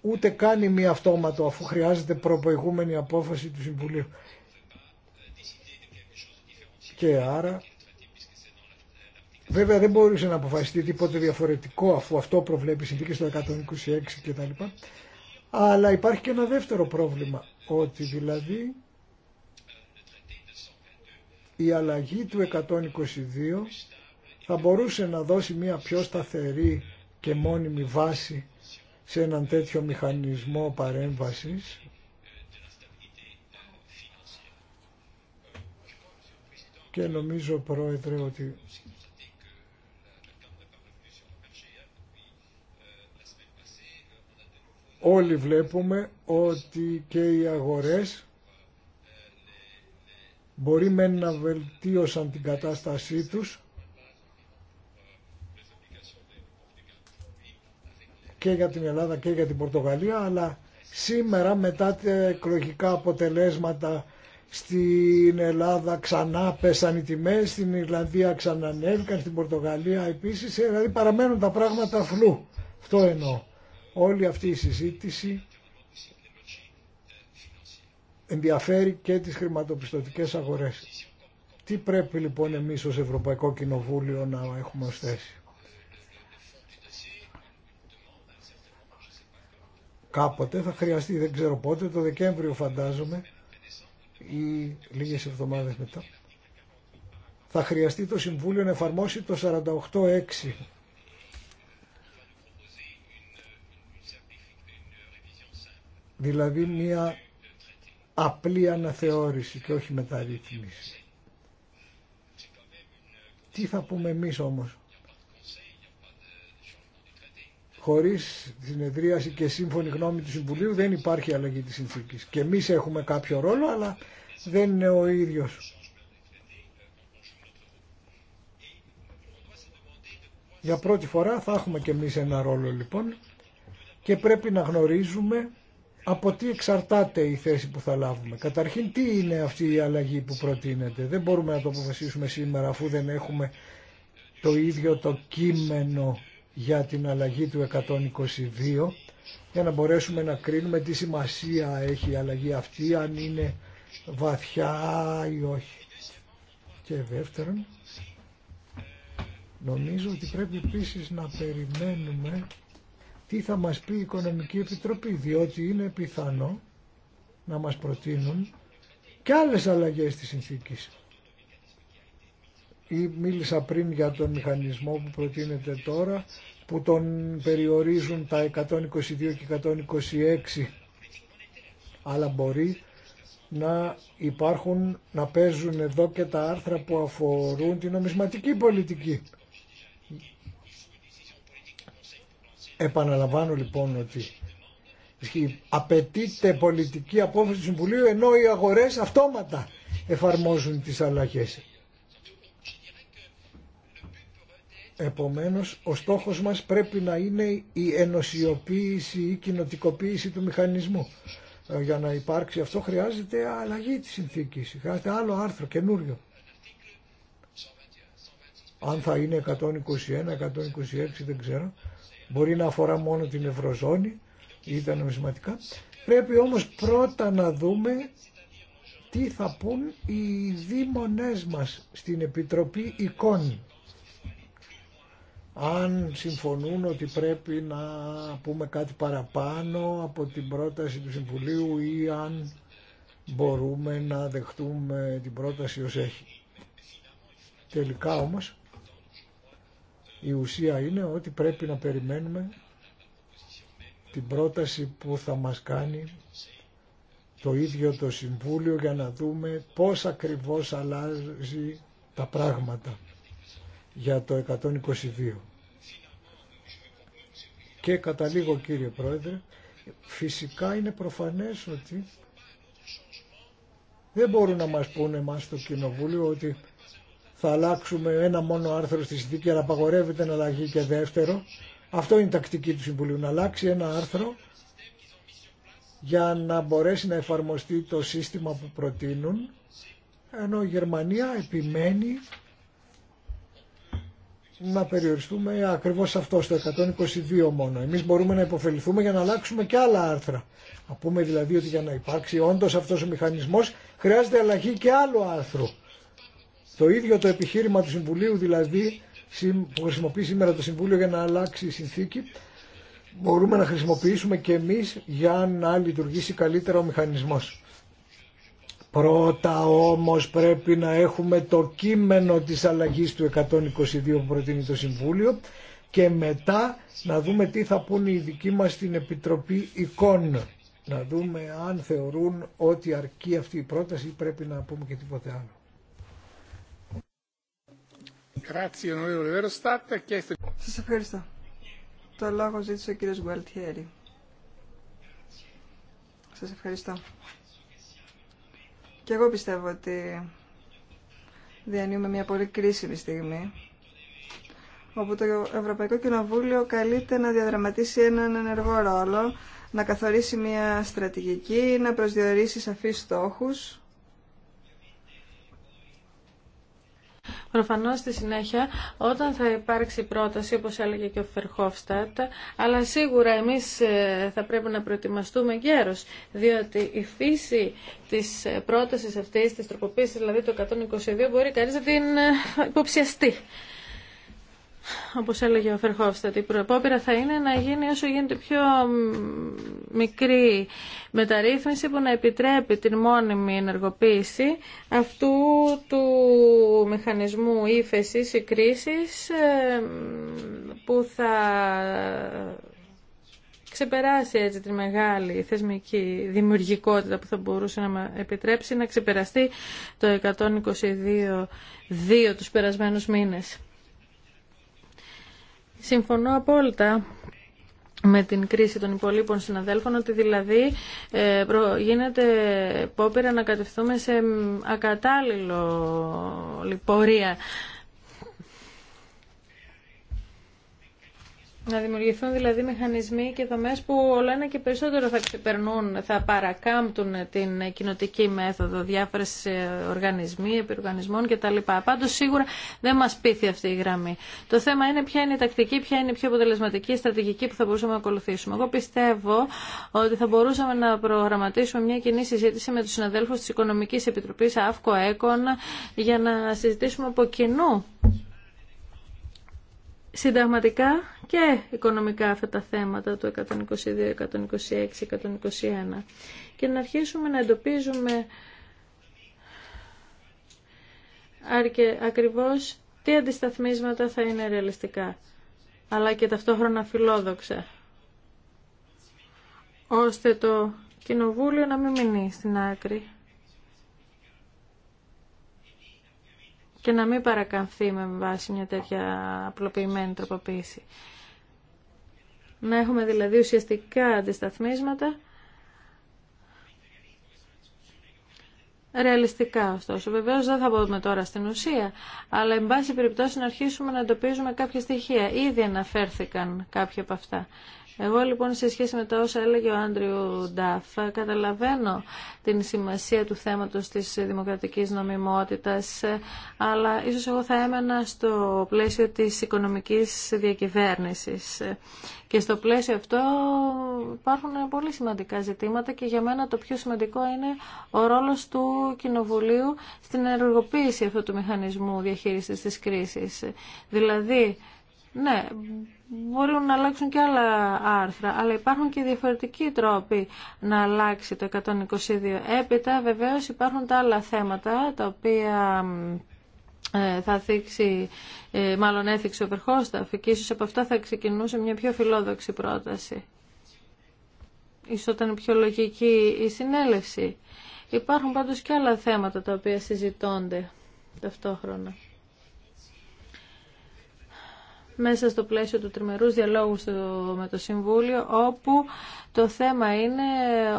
ούτε κάνει μη αυτόματο αφού χρειάζεται προποηγούμενη απόφαση του Συμβουλίου. Και άρα Βέβαια δεν μπορούσε να αποφασιστεί τίποτε διαφορετικό αφού αυτό προβλέπει συνθήκε στο 126 κτλ. Αλλά υπάρχει και ένα δεύτερο πρόβλημα, ότι δηλαδή η αλλαγή του 122 θα μπορούσε να δώσει μια πιο σταθερή και μόνιμη βάση σε έναν τέτοιο μηχανισμό παρέμβασης και νομίζω πρόεδρε ότι όλοι βλέπουμε ότι και οι αγορές μπορεί μεν να βελτίωσαν την κατάστασή τους και για την Ελλάδα και για την Πορτογαλία αλλά σήμερα μετά τα εκλογικά αποτελέσματα στην Ελλάδα ξανά πέσαν οι τιμές, στην Ιρλανδία ξανανέβηκαν, στην Πορτογαλία επίσης, ε, δηλαδή παραμένουν τα πράγματα φλού. Αυτό εννοώ. Όλη αυτή η συζήτηση ενδιαφέρει και τις χρηματοπιστωτικές αγορές. Τι πρέπει λοιπόν εμείς ως Ευρωπαϊκό Κοινοβούλιο να έχουμε ως θέση. Κάποτε θα χρειαστεί, δεν ξέρω πότε, το Δεκέμβριο φαντάζομαι ή λίγες εβδομάδες μετά, θα χρειαστεί το Συμβούλιο να εφαρμόσει το 48-6 Δηλαδή μία απλή αναθεώρηση και όχι μεταρρύθμιση. Τι θα πούμε εμείς όμως. Χωρίς συνεδρίαση και σύμφωνη γνώμη του Συμβουλίου δεν υπάρχει αλλαγή της συνθήκης. Και εμείς έχουμε κάποιο ρόλο αλλά δεν είναι ο ίδιος. Για πρώτη φορά θα έχουμε και εμείς ένα ρόλο λοιπόν και πρέπει να γνωρίζουμε από τι εξαρτάται η θέση που θα λάβουμε. Καταρχήν τι είναι αυτή η αλλαγή που προτείνεται. Δεν μπορούμε να το αποφασίσουμε σήμερα αφού δεν έχουμε το ίδιο το κείμενο για την αλλαγή του 122 για να μπορέσουμε να κρίνουμε τι σημασία έχει η αλλαγή αυτή, αν είναι βαθιά ή όχι. Και δεύτερον, νομίζω ότι πρέπει επίσης να περιμένουμε τι θα μας πει η Οικονομική Επιτροπή, διότι είναι πιθανό να μας προτείνουν και άλλες αλλαγές της συνθήκης. Ή μίλησα πριν για τον μηχανισμό που προτείνεται τώρα, που τον περιορίζουν τα 122 και 126, αλλά μπορεί να υπάρχουν, να παίζουν εδώ και τα άρθρα που αφορούν την νομισματική πολιτική. Επαναλαμβάνω λοιπόν ότι απαιτείται πολιτική απόφαση του Συμβουλίου ενώ οι αγορές αυτόματα εφαρμόζουν τις αλλαγές. Επομένως, ο στόχος μας πρέπει να είναι η ενωσιοποίηση ή κοινοτικοποίηση του μηχανισμού. Ε, για να υπάρξει αυτό χρειάζεται αλλαγή της συνθήκης, χρειάζεται άλλο άρθρο, καινούριο. Αν θα είναι 121, 126 δεν ξέρω, μπορεί να αφορά μόνο την Ευρωζώνη ή τα νομισματικά. Πρέπει όμως πρώτα να δούμε τι θα πούν οι δήμονές μας στην Επιτροπή Εικόν. Αν συμφωνούν ότι πρέπει να πούμε κάτι παραπάνω από την πρόταση του Συμβουλίου ή αν μπορούμε να δεχτούμε την πρόταση ως έχει. Τελικά όμως η ουσία είναι ότι πρέπει να περιμένουμε την πρόταση που θα μας κάνει το ίδιο το Συμβούλιο για να δούμε πώς ακριβώς αλλάζει τα πράγματα για το 122. Και καταλήγω κύριε Πρόεδρε, φυσικά είναι προφανές ότι δεν μπορούν να μας πούνε εμάς στο Κοινοβούλιο ότι θα αλλάξουμε ένα μόνο άρθρο στη συνθήκη αλλά απαγορεύεται να αλλαγεί και δεύτερο. Αυτό είναι η τακτική του Συμβουλίου, να αλλάξει ένα άρθρο για να μπορέσει να εφαρμοστεί το σύστημα που προτείνουν, ενώ η Γερμανία επιμένει να περιοριστούμε ακριβώς αυτό, στο 122 μόνο. Εμείς μπορούμε να υποφεληθούμε για να αλλάξουμε και άλλα άρθρα. Να πούμε δηλαδή ότι για να υπάρξει όντως αυτός ο μηχανισμός χρειάζεται αλλαγή και άλλο άρθρο. Το ίδιο το επιχείρημα του Συμβουλίου δηλαδή που χρησιμοποιεί σήμερα το Συμβούλιο για να αλλάξει η συνθήκη μπορούμε να χρησιμοποιήσουμε και εμείς για να λειτουργήσει καλύτερα ο μηχανισμός. Πρώτα όμως πρέπει να έχουμε το κείμενο της αλλαγής του 122 που προτείνει το Συμβούλιο και μετά να δούμε τι θα πούνε οι δικοί μας στην Επιτροπή Εικόν. Να δούμε αν θεωρούν ότι αρκεί αυτή η πρόταση ή πρέπει να πούμε και τίποτε άλλο. Σα ευχαριστώ. Το λόγο ζήτησε ο κύριο Γουαλτιέρη. Σα ευχαριστώ. Και εγώ πιστεύω ότι διανύουμε μια πολύ κρίσιμη στιγμή όπου το Ευρωπαϊκό Κοινοβούλιο καλείται να διαδραματίσει έναν ενεργό ρόλο, να καθορίσει μια στρατηγική, να προσδιορίσει σαφείς στόχους Προφανώ στη συνέχεια όταν θα υπάρξει πρόταση όπως έλεγε και ο Φερχόφστατ αλλά σίγουρα εμείς ε, θα πρέπει να προετοιμαστούμε γέρο, διότι η φύση της πρότασης αυτής, της τροποποίηση δηλαδή το 122 μπορεί κανεί να την ε, υποψιαστεί. Όπω έλεγε ο Φερχόφστατ, η προεπόπειρα θα είναι να γίνει όσο γίνεται πιο μικρή μεταρρύθμιση που να επιτρέπει την μόνιμη ενεργοποίηση αυτού του μηχανισμού ύφεση ή κρίσης που θα ξεπεράσει έτσι τη μεγάλη θεσμική δημιουργικότητα που θα μπορούσε να επιτρέψει να ξεπεραστεί το 122 δύο τους περασμένους μήνες. Συμφωνώ απόλυτα με την κρίση των υπολείπων συναδέλφων ότι δηλαδή ε, γίνεται πόπειρα να κατευθούμε σε ακατάλληλο πορεία Να δημιουργηθούν δηλαδή μηχανισμοί και δομέ που όλα ένα και περισσότερο θα ξεπερνούν, θα παρακάμπτουν την κοινοτική μέθοδο, διάφορε ε, οργανισμοί, επιοργανισμών κτλ. Πάντω σίγουρα δεν μα πείθει αυτή η γραμμή. Το θέμα είναι ποια είναι η τακτική, ποια είναι η πιο αποτελεσματική η στρατηγική που θα μπορούσαμε να ακολουθήσουμε. Εγώ πιστεύω ότι θα μπορούσαμε να προγραμματίσουμε μια κοινή συζήτηση με του συναδέλφου τη Οικονομική Επιτροπή, ΑΦΚΟ, ΕΚΟΝ, για να συζητήσουμε από κοινού συνταγματικά και οικονομικά αυτά τα θέματα του 122, 126, 121 και να αρχίσουμε να εντοπίζουμε αρκε, ακριβώς τι αντισταθμίσματα θα είναι ρεαλιστικά αλλά και ταυτόχρονα φιλόδοξα ώστε το κοινοβούλιο να μην μείνει στην άκρη και να μην παρακαμφθεί με βάση μια τέτοια απλοποιημένη τροποποίηση. Να έχουμε δηλαδή ουσιαστικά αντισταθμίσματα Ρεαλιστικά, ωστόσο. Βεβαίω δεν θα μπορούμε τώρα στην ουσία, αλλά εν πάση περιπτώσει να αρχίσουμε να εντοπίζουμε κάποια στοιχεία. Ήδη αναφέρθηκαν κάποια από αυτά. Εγώ λοιπόν σε σχέση με τα όσα έλεγε ο Άντριου Νταφ καταλαβαίνω την σημασία του θέματος της δημοκρατικής νομιμότητας αλλά ίσως εγώ θα έμενα στο πλαίσιο της οικονομικής διακυβέρνησης και στο πλαίσιο αυτό υπάρχουν πολύ σημαντικά ζητήματα και για μένα το πιο σημαντικό είναι ο ρόλος του Κοινοβουλίου στην ενεργοποίηση αυτού του μηχανισμού διαχείρισης της κρίσης. Δηλαδή, ναι, μπορούν να αλλάξουν και άλλα άρθρα, αλλά υπάρχουν και διαφορετικοί τρόποι να αλλάξει το 122. Έπειτα βεβαίως υπάρχουν τα άλλα θέματα τα οποία ε, θα θίξει, ε, μάλλον έθιξε ο Βερχόσταφ και ίσως από αυτά θα ξεκινούσε μια πιο φιλόδοξη πρόταση. Ίσως ήταν πιο λογική η συνέλευση. Υπάρχουν πάντως και άλλα θέματα τα οποία συζητώνται ταυτόχρονα μέσα στο πλαίσιο του τριμερούς διαλόγου με το Συμβούλιο, όπου το θέμα είναι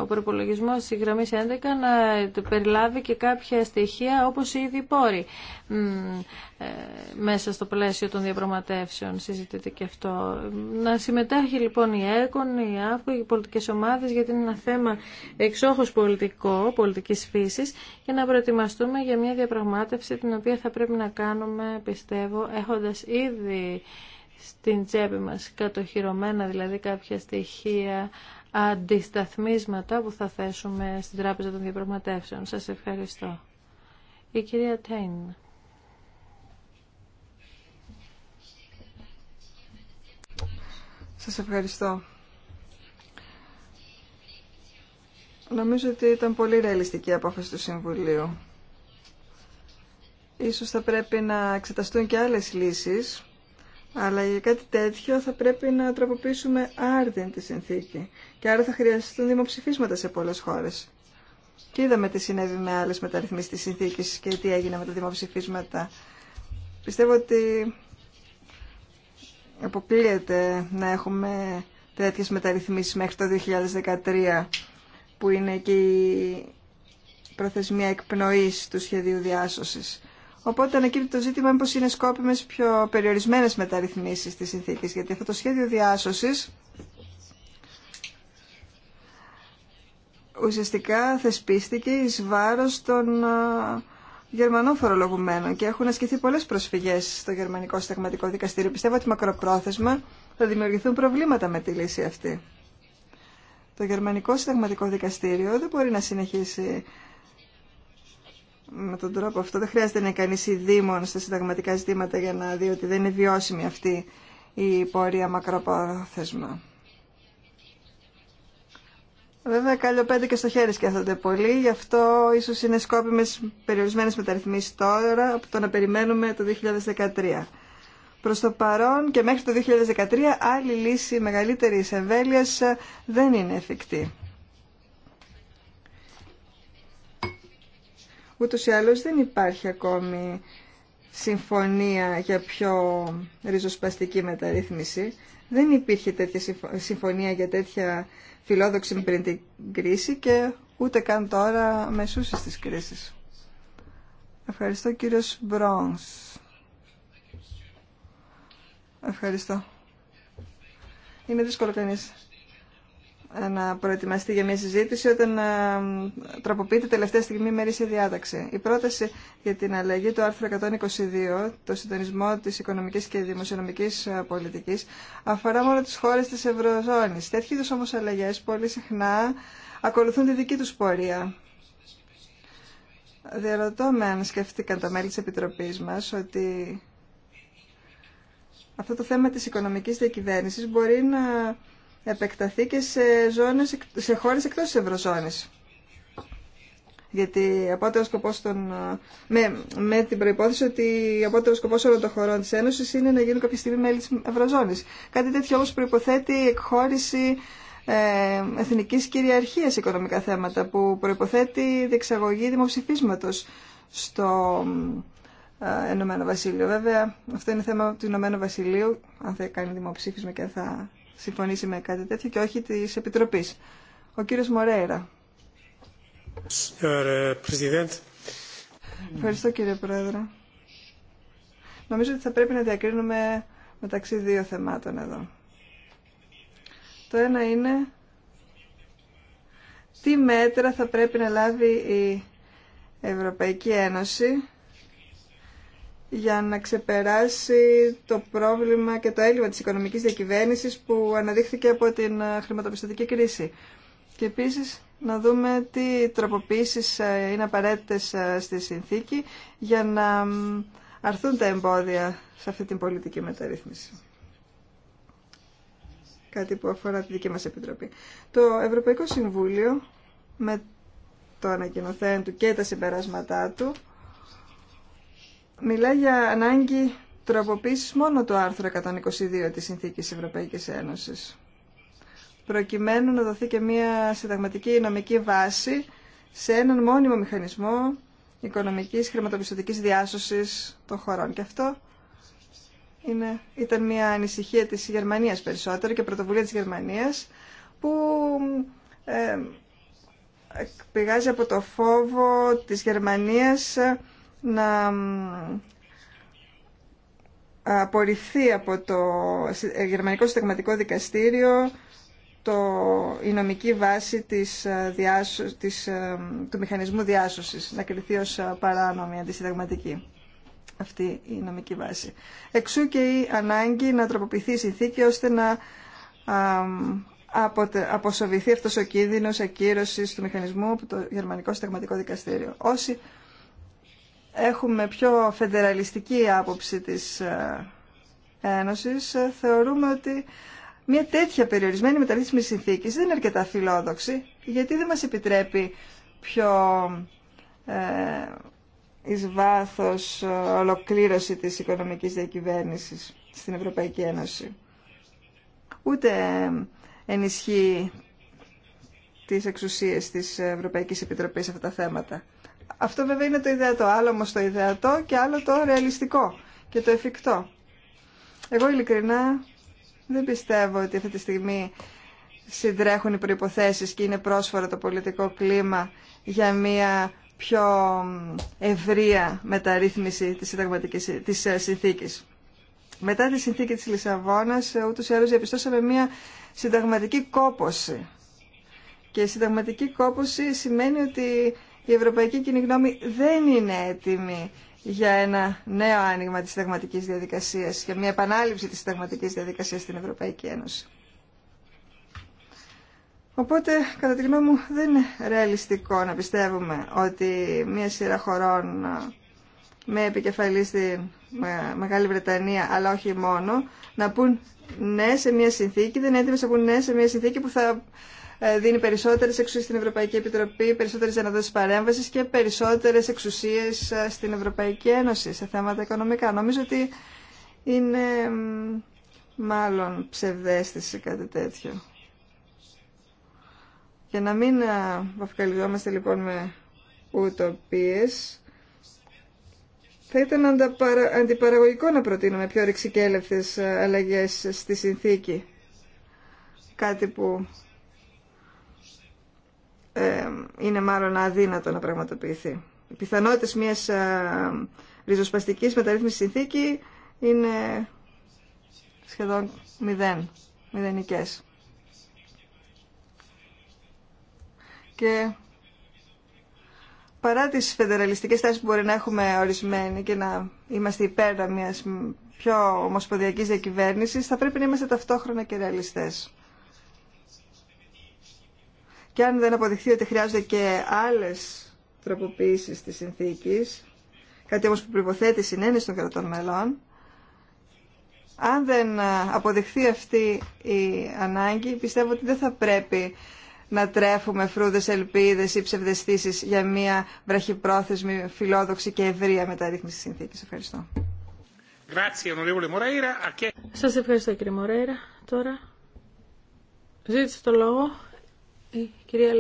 ο προπολογισμό τη γραμμή 11 να περιλάβει και κάποια στοιχεία όπω οι ήδη πόροι ε, μέσα στο πλαίσιο των διαπραγματεύσεων. Συζητείται και αυτό. Να συμμετέχει λοιπόν η ΕΚΟΝ, η ΑΦΚΟ, οι πολιτικέ ομάδε, γιατί είναι ένα θέμα εξόχω πολιτικό, πολιτική φύση, και να προετοιμαστούμε για μια διαπραγμάτευση την οποία θα πρέπει να κάνουμε, πιστεύω, έχοντα ήδη στην τσέπη μας κατοχυρωμένα δηλαδή κάποια στοιχεία αντισταθμίσματα που θα θέσουμε στην Τράπεζα των Διαπραγματεύσεων. Σας ευχαριστώ. Η κυρία Τέιν. Σας ευχαριστώ. Νομίζω ότι ήταν πολύ ρεαλιστική η απόφαση του Συμβουλίου. Ίσως θα πρέπει να εξεταστούν και άλλες λύσεις αλλά για κάτι τέτοιο θα πρέπει να τροποποιήσουμε άρδιν τη συνθήκη. Και άρα θα χρειαστούν δημοψηφίσματα σε πολλέ χώρε. Και είδαμε τι συνέβη με άλλε μεταρρυθμίσει τη συνθήκη και τι έγινε με τα δημοψηφίσματα. Πιστεύω ότι αποκλείεται να έχουμε τέτοιε μεταρρυθμίσει μέχρι το 2013, που είναι και η προθεσμία εκπνοή του σχεδίου διάσωση. Οπότε ανακύπτει το ζήτημα μήπως είναι σκόπιμες πιο περιορισμένες μεταρρυθμίσεις της συνθήκης, γιατί αυτό το σχέδιο διάσωσης ουσιαστικά θεσπίστηκε εις βάρος των ε, Γερμανών φορολογουμένων και έχουν ασκηθεί πολλές προσφυγές στο Γερμανικό Συνταγματικό Δικαστήριο. Πιστεύω ότι μακροπρόθεσμα θα δημιουργηθούν προβλήματα με τη λύση αυτή. Το Γερμανικό Συνταγματικό Δικαστήριο δεν μπορεί να συνεχίσει με τον τρόπο αυτό δεν χρειάζεται να είναι κάνει ειδήμων στα συνταγματικά ζητήματα για να δει ότι δεν είναι βιώσιμη αυτή η πορεία μακροπρόθεσμα. Βέβαια, καλλιοπέντε και στο χέρι σκέφτονται πολύ, γι' αυτό ίσω είναι σκόπιμε περιορισμένε μεταρρυθμίσει τώρα από το να περιμένουμε το 2013. Προ το παρόν και μέχρι το 2013, άλλη λύση μεγαλύτερη εμβέλεια δεν είναι εφικτή. Ούτως ή άλλως δεν υπάρχει ακόμη συμφωνία για πιο ριζοσπαστική μεταρρύθμιση. Δεν υπήρχε τέτοια συμφωνία για τέτοια φιλόδοξη πριν την κρίση και ούτε καν τώρα μεσούσε της κρίσης. Ευχαριστώ κύριος Μπρόνς. Ευχαριστώ. Είναι δύσκολο κανείς να προετοιμαστεί για μια συζήτηση όταν ε, τροποποιείται τελευταία στιγμή μερίσια διάταξη. Η πρόταση για την αλλαγή του άρθρου 122, το συντονισμό της οικονομικής και δημοσιονομικής ε, πολιτικής, αφορά μόνο τις χώρες της Ευρωζώνης. Τέτοιου όμως αλλαγές πολύ συχνά ακολουθούν τη δική τους πορεία. Διαρωτώ με αν σκεφτήκαν τα μέλη της Επιτροπής μας ότι αυτό το θέμα της οικονομικής διακυβέρνησης μπορεί να επεκταθεί και σε, ζώνες, σε χώρες εκτός της Ευρωζώνης. Γιατί απότερο σκοπό. των, ε, με, με την προπόθεση ότι απότερο σκοπό όλων των χωρών τη Ένωση είναι να γίνουν κάποια στιγμή μέλη τη Ευρωζώνης. Κάτι τέτοιο όμω προϋποθέτει εκχώρηση ε, κυριαρχία σε οικονομικά θέματα που προϋποθέτει διεξαγωγή δημοψηφίσματος στο ε, Ενωμένο Βασίλειο. Βέβαια, αυτό είναι θέμα του Ηνωμένου Βασιλείου, αν θα κάνει δημοψήφισμα και θα συμφωνήσει με κάτι τέτοιο και όχι της Επιτροπής. Ο κύριος Μορέιρα. Ευχαριστώ κύριε Πρόεδρε. Νομίζω ότι θα πρέπει να διακρίνουμε μεταξύ δύο θεμάτων εδώ. Το ένα είναι τι μέτρα θα πρέπει να λάβει η Ευρωπαϊκή Ένωση για να ξεπεράσει το πρόβλημα και το έλλειμμα της οικονομικής διακυβέρνησης που αναδείχθηκε από την ε, χρηματοπιστωτική κρίση. Και επίσης να δούμε τι τροποποίησεις ε, είναι απαραίτητες ε, στη συνθήκη για να αρθούν τα εμπόδια σε αυτή την πολιτική μεταρρύθμιση. Κάτι που αφορά τη δική μας Επιτροπή. Το Ευρωπαϊκό Συμβούλιο με το ανακοινωθέν του και τα συμπεράσματά του Μιλάει για ανάγκη τροποποίησης μόνο του άρθρου 122 της Συνθήκης Ευρωπαϊκής Ένωσης προκειμένου να δοθεί και μια συνταγματική νομική βάση σε έναν μόνιμο μηχανισμό οικονομικής χρηματοπιστωτικής διάσωσης των χωρών. Και αυτό είναι, ήταν μια ανησυχία της Γερμανίας περισσότερο και πρωτοβουλία της Γερμανίας που ε, πηγάζει από το φόβο της Γερμανίας να απορριφθεί από το ε, Γερμανικό Συνταγματικό Δικαστήριο το, η νομική βάση της, ε, ε, του μηχανισμού διάσωσης, να κριθεί ως παράνομη αντισυνταγματική αυτή η νομική βάση. Εξού και η ανάγκη να τροποποιηθεί η συνθήκη ώστε να αποσοβηθεί αυτός ο κίνδυνος ακύρωσης του μηχανισμού από το Γερμανικό Συνταγματικό Δικαστήριο. Όσοι έχουμε πιο φεντεραλιστική άποψη της ε, Ένωσης, ε, θεωρούμε ότι μια τέτοια περιορισμένη μεταρρύθμιση συνθήκης δεν είναι αρκετά φιλόδοξη, γιατί δεν μας επιτρέπει πιο ε, εις βάθος ολοκλήρωση της οικονομικής διακυβέρνησης στην Ευρωπαϊκή Ένωση. Ούτε ενισχύει τις εξουσίες της Ευρωπαϊκής Επιτροπής σε αυτά τα θέματα. Αυτό βέβαια είναι το ιδεατό. Άλλο όμω το ιδεατό και άλλο το ρεαλιστικό και το εφικτό. Εγώ ειλικρινά δεν πιστεύω ότι αυτή τη στιγμή συντρέχουν οι προϋποθέσεις και είναι πρόσφορο το πολιτικό κλίμα για μια πιο ευρεία μεταρρύθμιση της, συνταγματικής, της ε, συνθήκης. Μετά τη συνθήκη της Λισαβόνας, ε, ούτως ή άλλως διαπιστώσαμε μια συνταγματική κόπωση. Και συνταγματική κόπωση σημαίνει ότι η ευρωπαϊκή κοινή γνώμη δεν είναι έτοιμη για ένα νέο άνοιγμα της συνταγματικής διαδικασίας, για μια επανάληψη της συνταγματικής διαδικασίας στην Ευρωπαϊκή Ένωση. Οπότε, κατά τη γνώμη μου, δεν είναι ρεαλιστικό να πιστεύουμε ότι μια σειρά χωρών με επικεφαλή στη Μεγάλη Βρετανία, αλλά όχι μόνο, να πούν ναι σε μια συνθήκη, δεν είναι έτοιμες να πούν ναι σε μια συνθήκη που θα ε, δίνει περισσότερε εξουσίε στην Ευρωπαϊκή Επιτροπή, περισσότερε δυνατότητε παρέμβαση και περισσότερε εξουσίε ε, στην Ευρωπαϊκή Ένωση σε θέματα οικονομικά. Νομίζω ότι είναι μάλλον ψευδέστηση κάτι τέτοιο. Για να μην βαφκαλιζόμαστε ε, λοιπόν με ουτοπίες, θα ήταν αντιπαραγωγικό να προτείνουμε πιο ρηξικέλευτες αλλαγές στη συνθήκη. Κάτι που ε, είναι μάλλον αδύνατο να πραγματοποιηθεί. Οι πιθανότητες μιας ε, ριζοσπαστικής μεταρρύθμισης συνθήκη είναι σχεδόν μηδέν, μηδενικές. Και παρά τις φεδεραλιστικές τάσεις που μπορεί να έχουμε ορισμένοι και να είμαστε υπέρ μιας πιο ομοσπονδιακής διακυβέρνησης, θα πρέπει να είμαστε ταυτόχρονα και ρεαλιστές και αν δεν αποδειχθεί ότι χρειάζονται και άλλες τροποποιήσεις της συνθήκης, κάτι όμως που προποθέτει συνένεση των κρατών μελών, αν δεν ε, αποδειχθεί αυτή η ανάγκη, πιστεύω ότι δεν θα πρέπει να τρέφουμε φρούδες ελπίδες ή ψευδεστήσεις για μια βραχυπρόθεσμη, φιλόδοξη και ευρεία μεταρρύθμιση της συνθήκης. Ευχαριστώ. Σα ευχαριστώ κύριε Μορέιρα. Τώρα ζήτησε το λόγο κυρία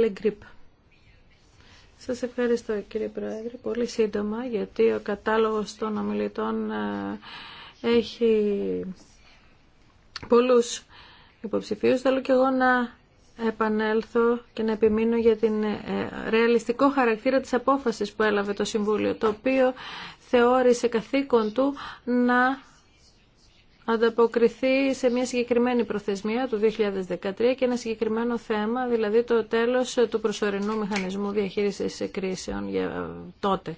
Σας ευχαριστώ κύριε Πρόεδρε. Πολύ σύντομα γιατί ο κατάλογος των ομιλητών ε, έχει πολλούς υποψηφίους. Θέλω και εγώ να επανέλθω και να επιμείνω για την ε, ρεαλιστικό χαρακτήρα της απόφασης που έλαβε το Συμβούλιο, το οποίο θεώρησε καθήκον του να ανταποκριθεί σε μια συγκεκριμένη προθεσμία του 2013 και ένα συγκεκριμένο θέμα, δηλαδή το τέλος του προσωρινού μηχανισμού διαχείρισης κρίσεων για ε, τότε.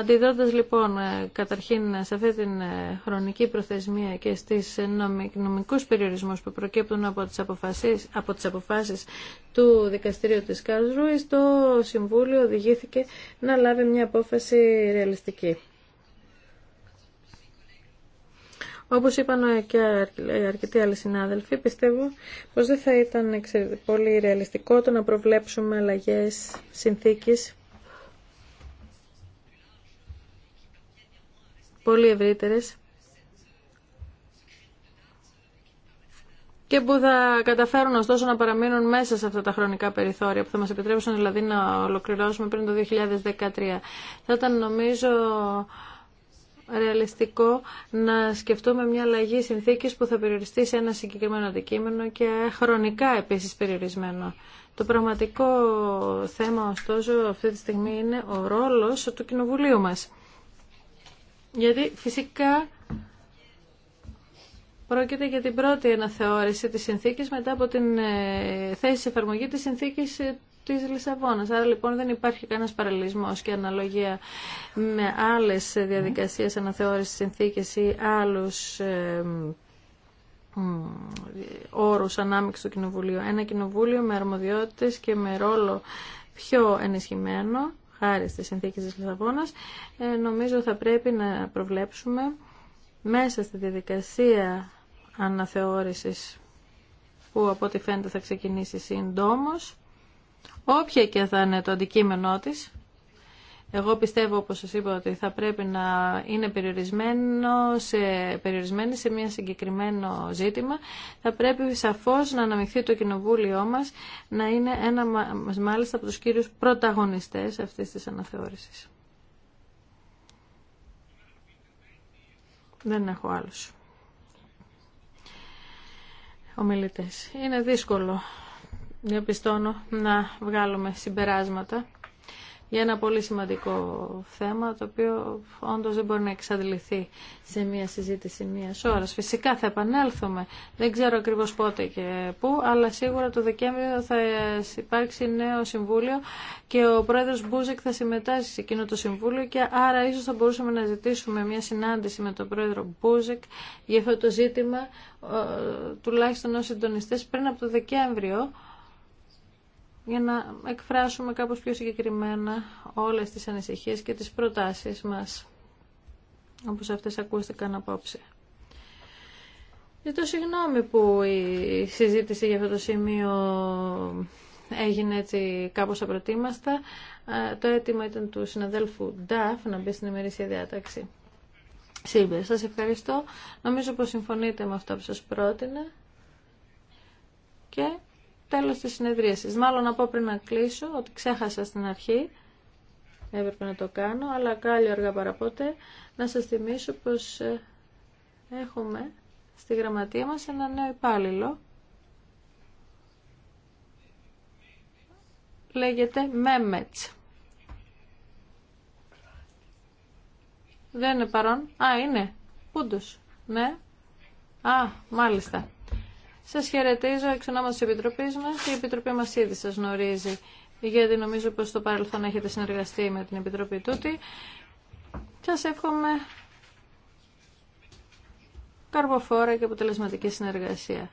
Αντιδρώντας λοιπόν ε, καταρχήν σε αυτή την ε, χρονική προθεσμία και στις νομικούς περιορισμούς που προκύπτουν από τις αποφάσεις, από τις αποφάσεις του Δικαστηρίου της Κάρσρουης, το Συμβούλιο οδηγήθηκε να λάβει μια απόφαση ρεαλιστική. Όπως είπαν και αρκετοί άλλοι συνάδελφοι, πιστεύω πως δεν θα ήταν πολύ ρεαλιστικό το να προβλέψουμε αλλαγές συνθήκης πολύ ευρύτερες και που θα καταφέρουν ωστόσο να παραμείνουν μέσα σε αυτά τα χρονικά περιθώρια που θα μας επιτρέψουν δηλαδή να ολοκληρώσουμε πριν το 2013. Θα ήταν νομίζω ρεαλιστικό να σκεφτούμε μια αλλαγή συνθήκη που θα περιοριστεί σε ένα συγκεκριμένο αντικείμενο και χρονικά επίσης περιορισμένο. Το πραγματικό θέμα ωστόσο αυτή τη στιγμή είναι ο ρόλος του Κοινοβουλίου μας. Γιατί φυσικά πρόκειται για την πρώτη αναθεώρηση της συνθήκης μετά από την ε, θέση εφαρμογή τη συνθήκης ε, Τη Λισαβόνα, Άρα λοιπόν δεν υπάρχει κανένας παραλληλισμός και αναλογία με άλλες διαδικασίες αναθεώρησης συνθήκες ή άλλους όρους ανάμειξη του Κοινοβουλίου. Ένα Κοινοβούλιο με αρμοδιότητες και με ρόλο πιο ενισχυμένο, χάρη στις συνθήκες της Λισαβόνας, ε, νομίζω θα πρέπει να προβλέψουμε μέσα στη διαδικασία αναθεώρησης που από ό,τι φαίνεται θα ξεκινήσει συντόμως όποια και θα είναι το αντικείμενό της. Εγώ πιστεύω, όπως σας είπα, ότι θα πρέπει να είναι περιορισμένο σε, περιορισμένη σε μια συγκεκριμένο ζήτημα. Θα πρέπει σαφώς να αναμειχθεί το κοινοβούλιο μας, να είναι ένα μάλιστα από τους κύριους πρωταγωνιστές αυτής της αναθεώρησης. Δεν έχω άλλους ομιλητές. Είναι δύσκολο διαπιστώνω να βγάλουμε συμπεράσματα για ένα πολύ σημαντικό θέμα το οποίο όντως δεν μπορεί να εξαντληθεί σε μια συζήτηση μια ώρα. Φυσικά θα επανέλθουμε, δεν ξέρω ακριβώς πότε και πού, αλλά σίγουρα το Δεκέμβριο θα υπάρξει νέο συμβούλιο και ο πρόεδρος Μπούζεκ θα συμμετάσχει σε εκείνο το συμβούλιο και άρα ίσως θα μπορούσαμε να ζητήσουμε μια συνάντηση με τον πρόεδρο Μπούζεκ για αυτό το ζήτημα τουλάχιστον ως συντονιστές πριν από το Δεκέμβριο για να εκφράσουμε κάπως πιο συγκεκριμένα όλες τις ανησυχίες και τις προτάσεις μας, όπως αυτές ακούστηκαν απόψε. Ζητώ συγγνώμη που η συζήτηση για αυτό το σημείο έγινε έτσι κάπως απροτήμαστα. Το αίτημα ήταν του συναδέλφου Νταφ να μπει στην ημερήσια διάταξη. Σύμπερ, σας ευχαριστώ. Νομίζω πως συμφωνείτε με αυτό που σας πρότεινα. Και τέλος της συνεδρίασης. Μάλλον να πω πριν να κλείσω ότι ξέχασα στην αρχή, έπρεπε να το κάνω, αλλά κάλλιο αργά παραπότε, να σας θυμίσω πως ε, έχουμε στη γραμματεία μας ένα νέο υπάλληλο. Λέγεται Μέμετς. Δεν είναι παρόν. Α, είναι. Πούντος. Ναι. Α, μάλιστα. Σας χαιρετίζω εξ τη της Επιτροπής μας. Η Επιτροπή μας ήδη σας γνωρίζει, γιατί νομίζω πως στο παρελθόν έχετε συνεργαστεί με την Επιτροπή τούτη. σα εύχομαι καρποφόρα και αποτελεσματική συνεργασία.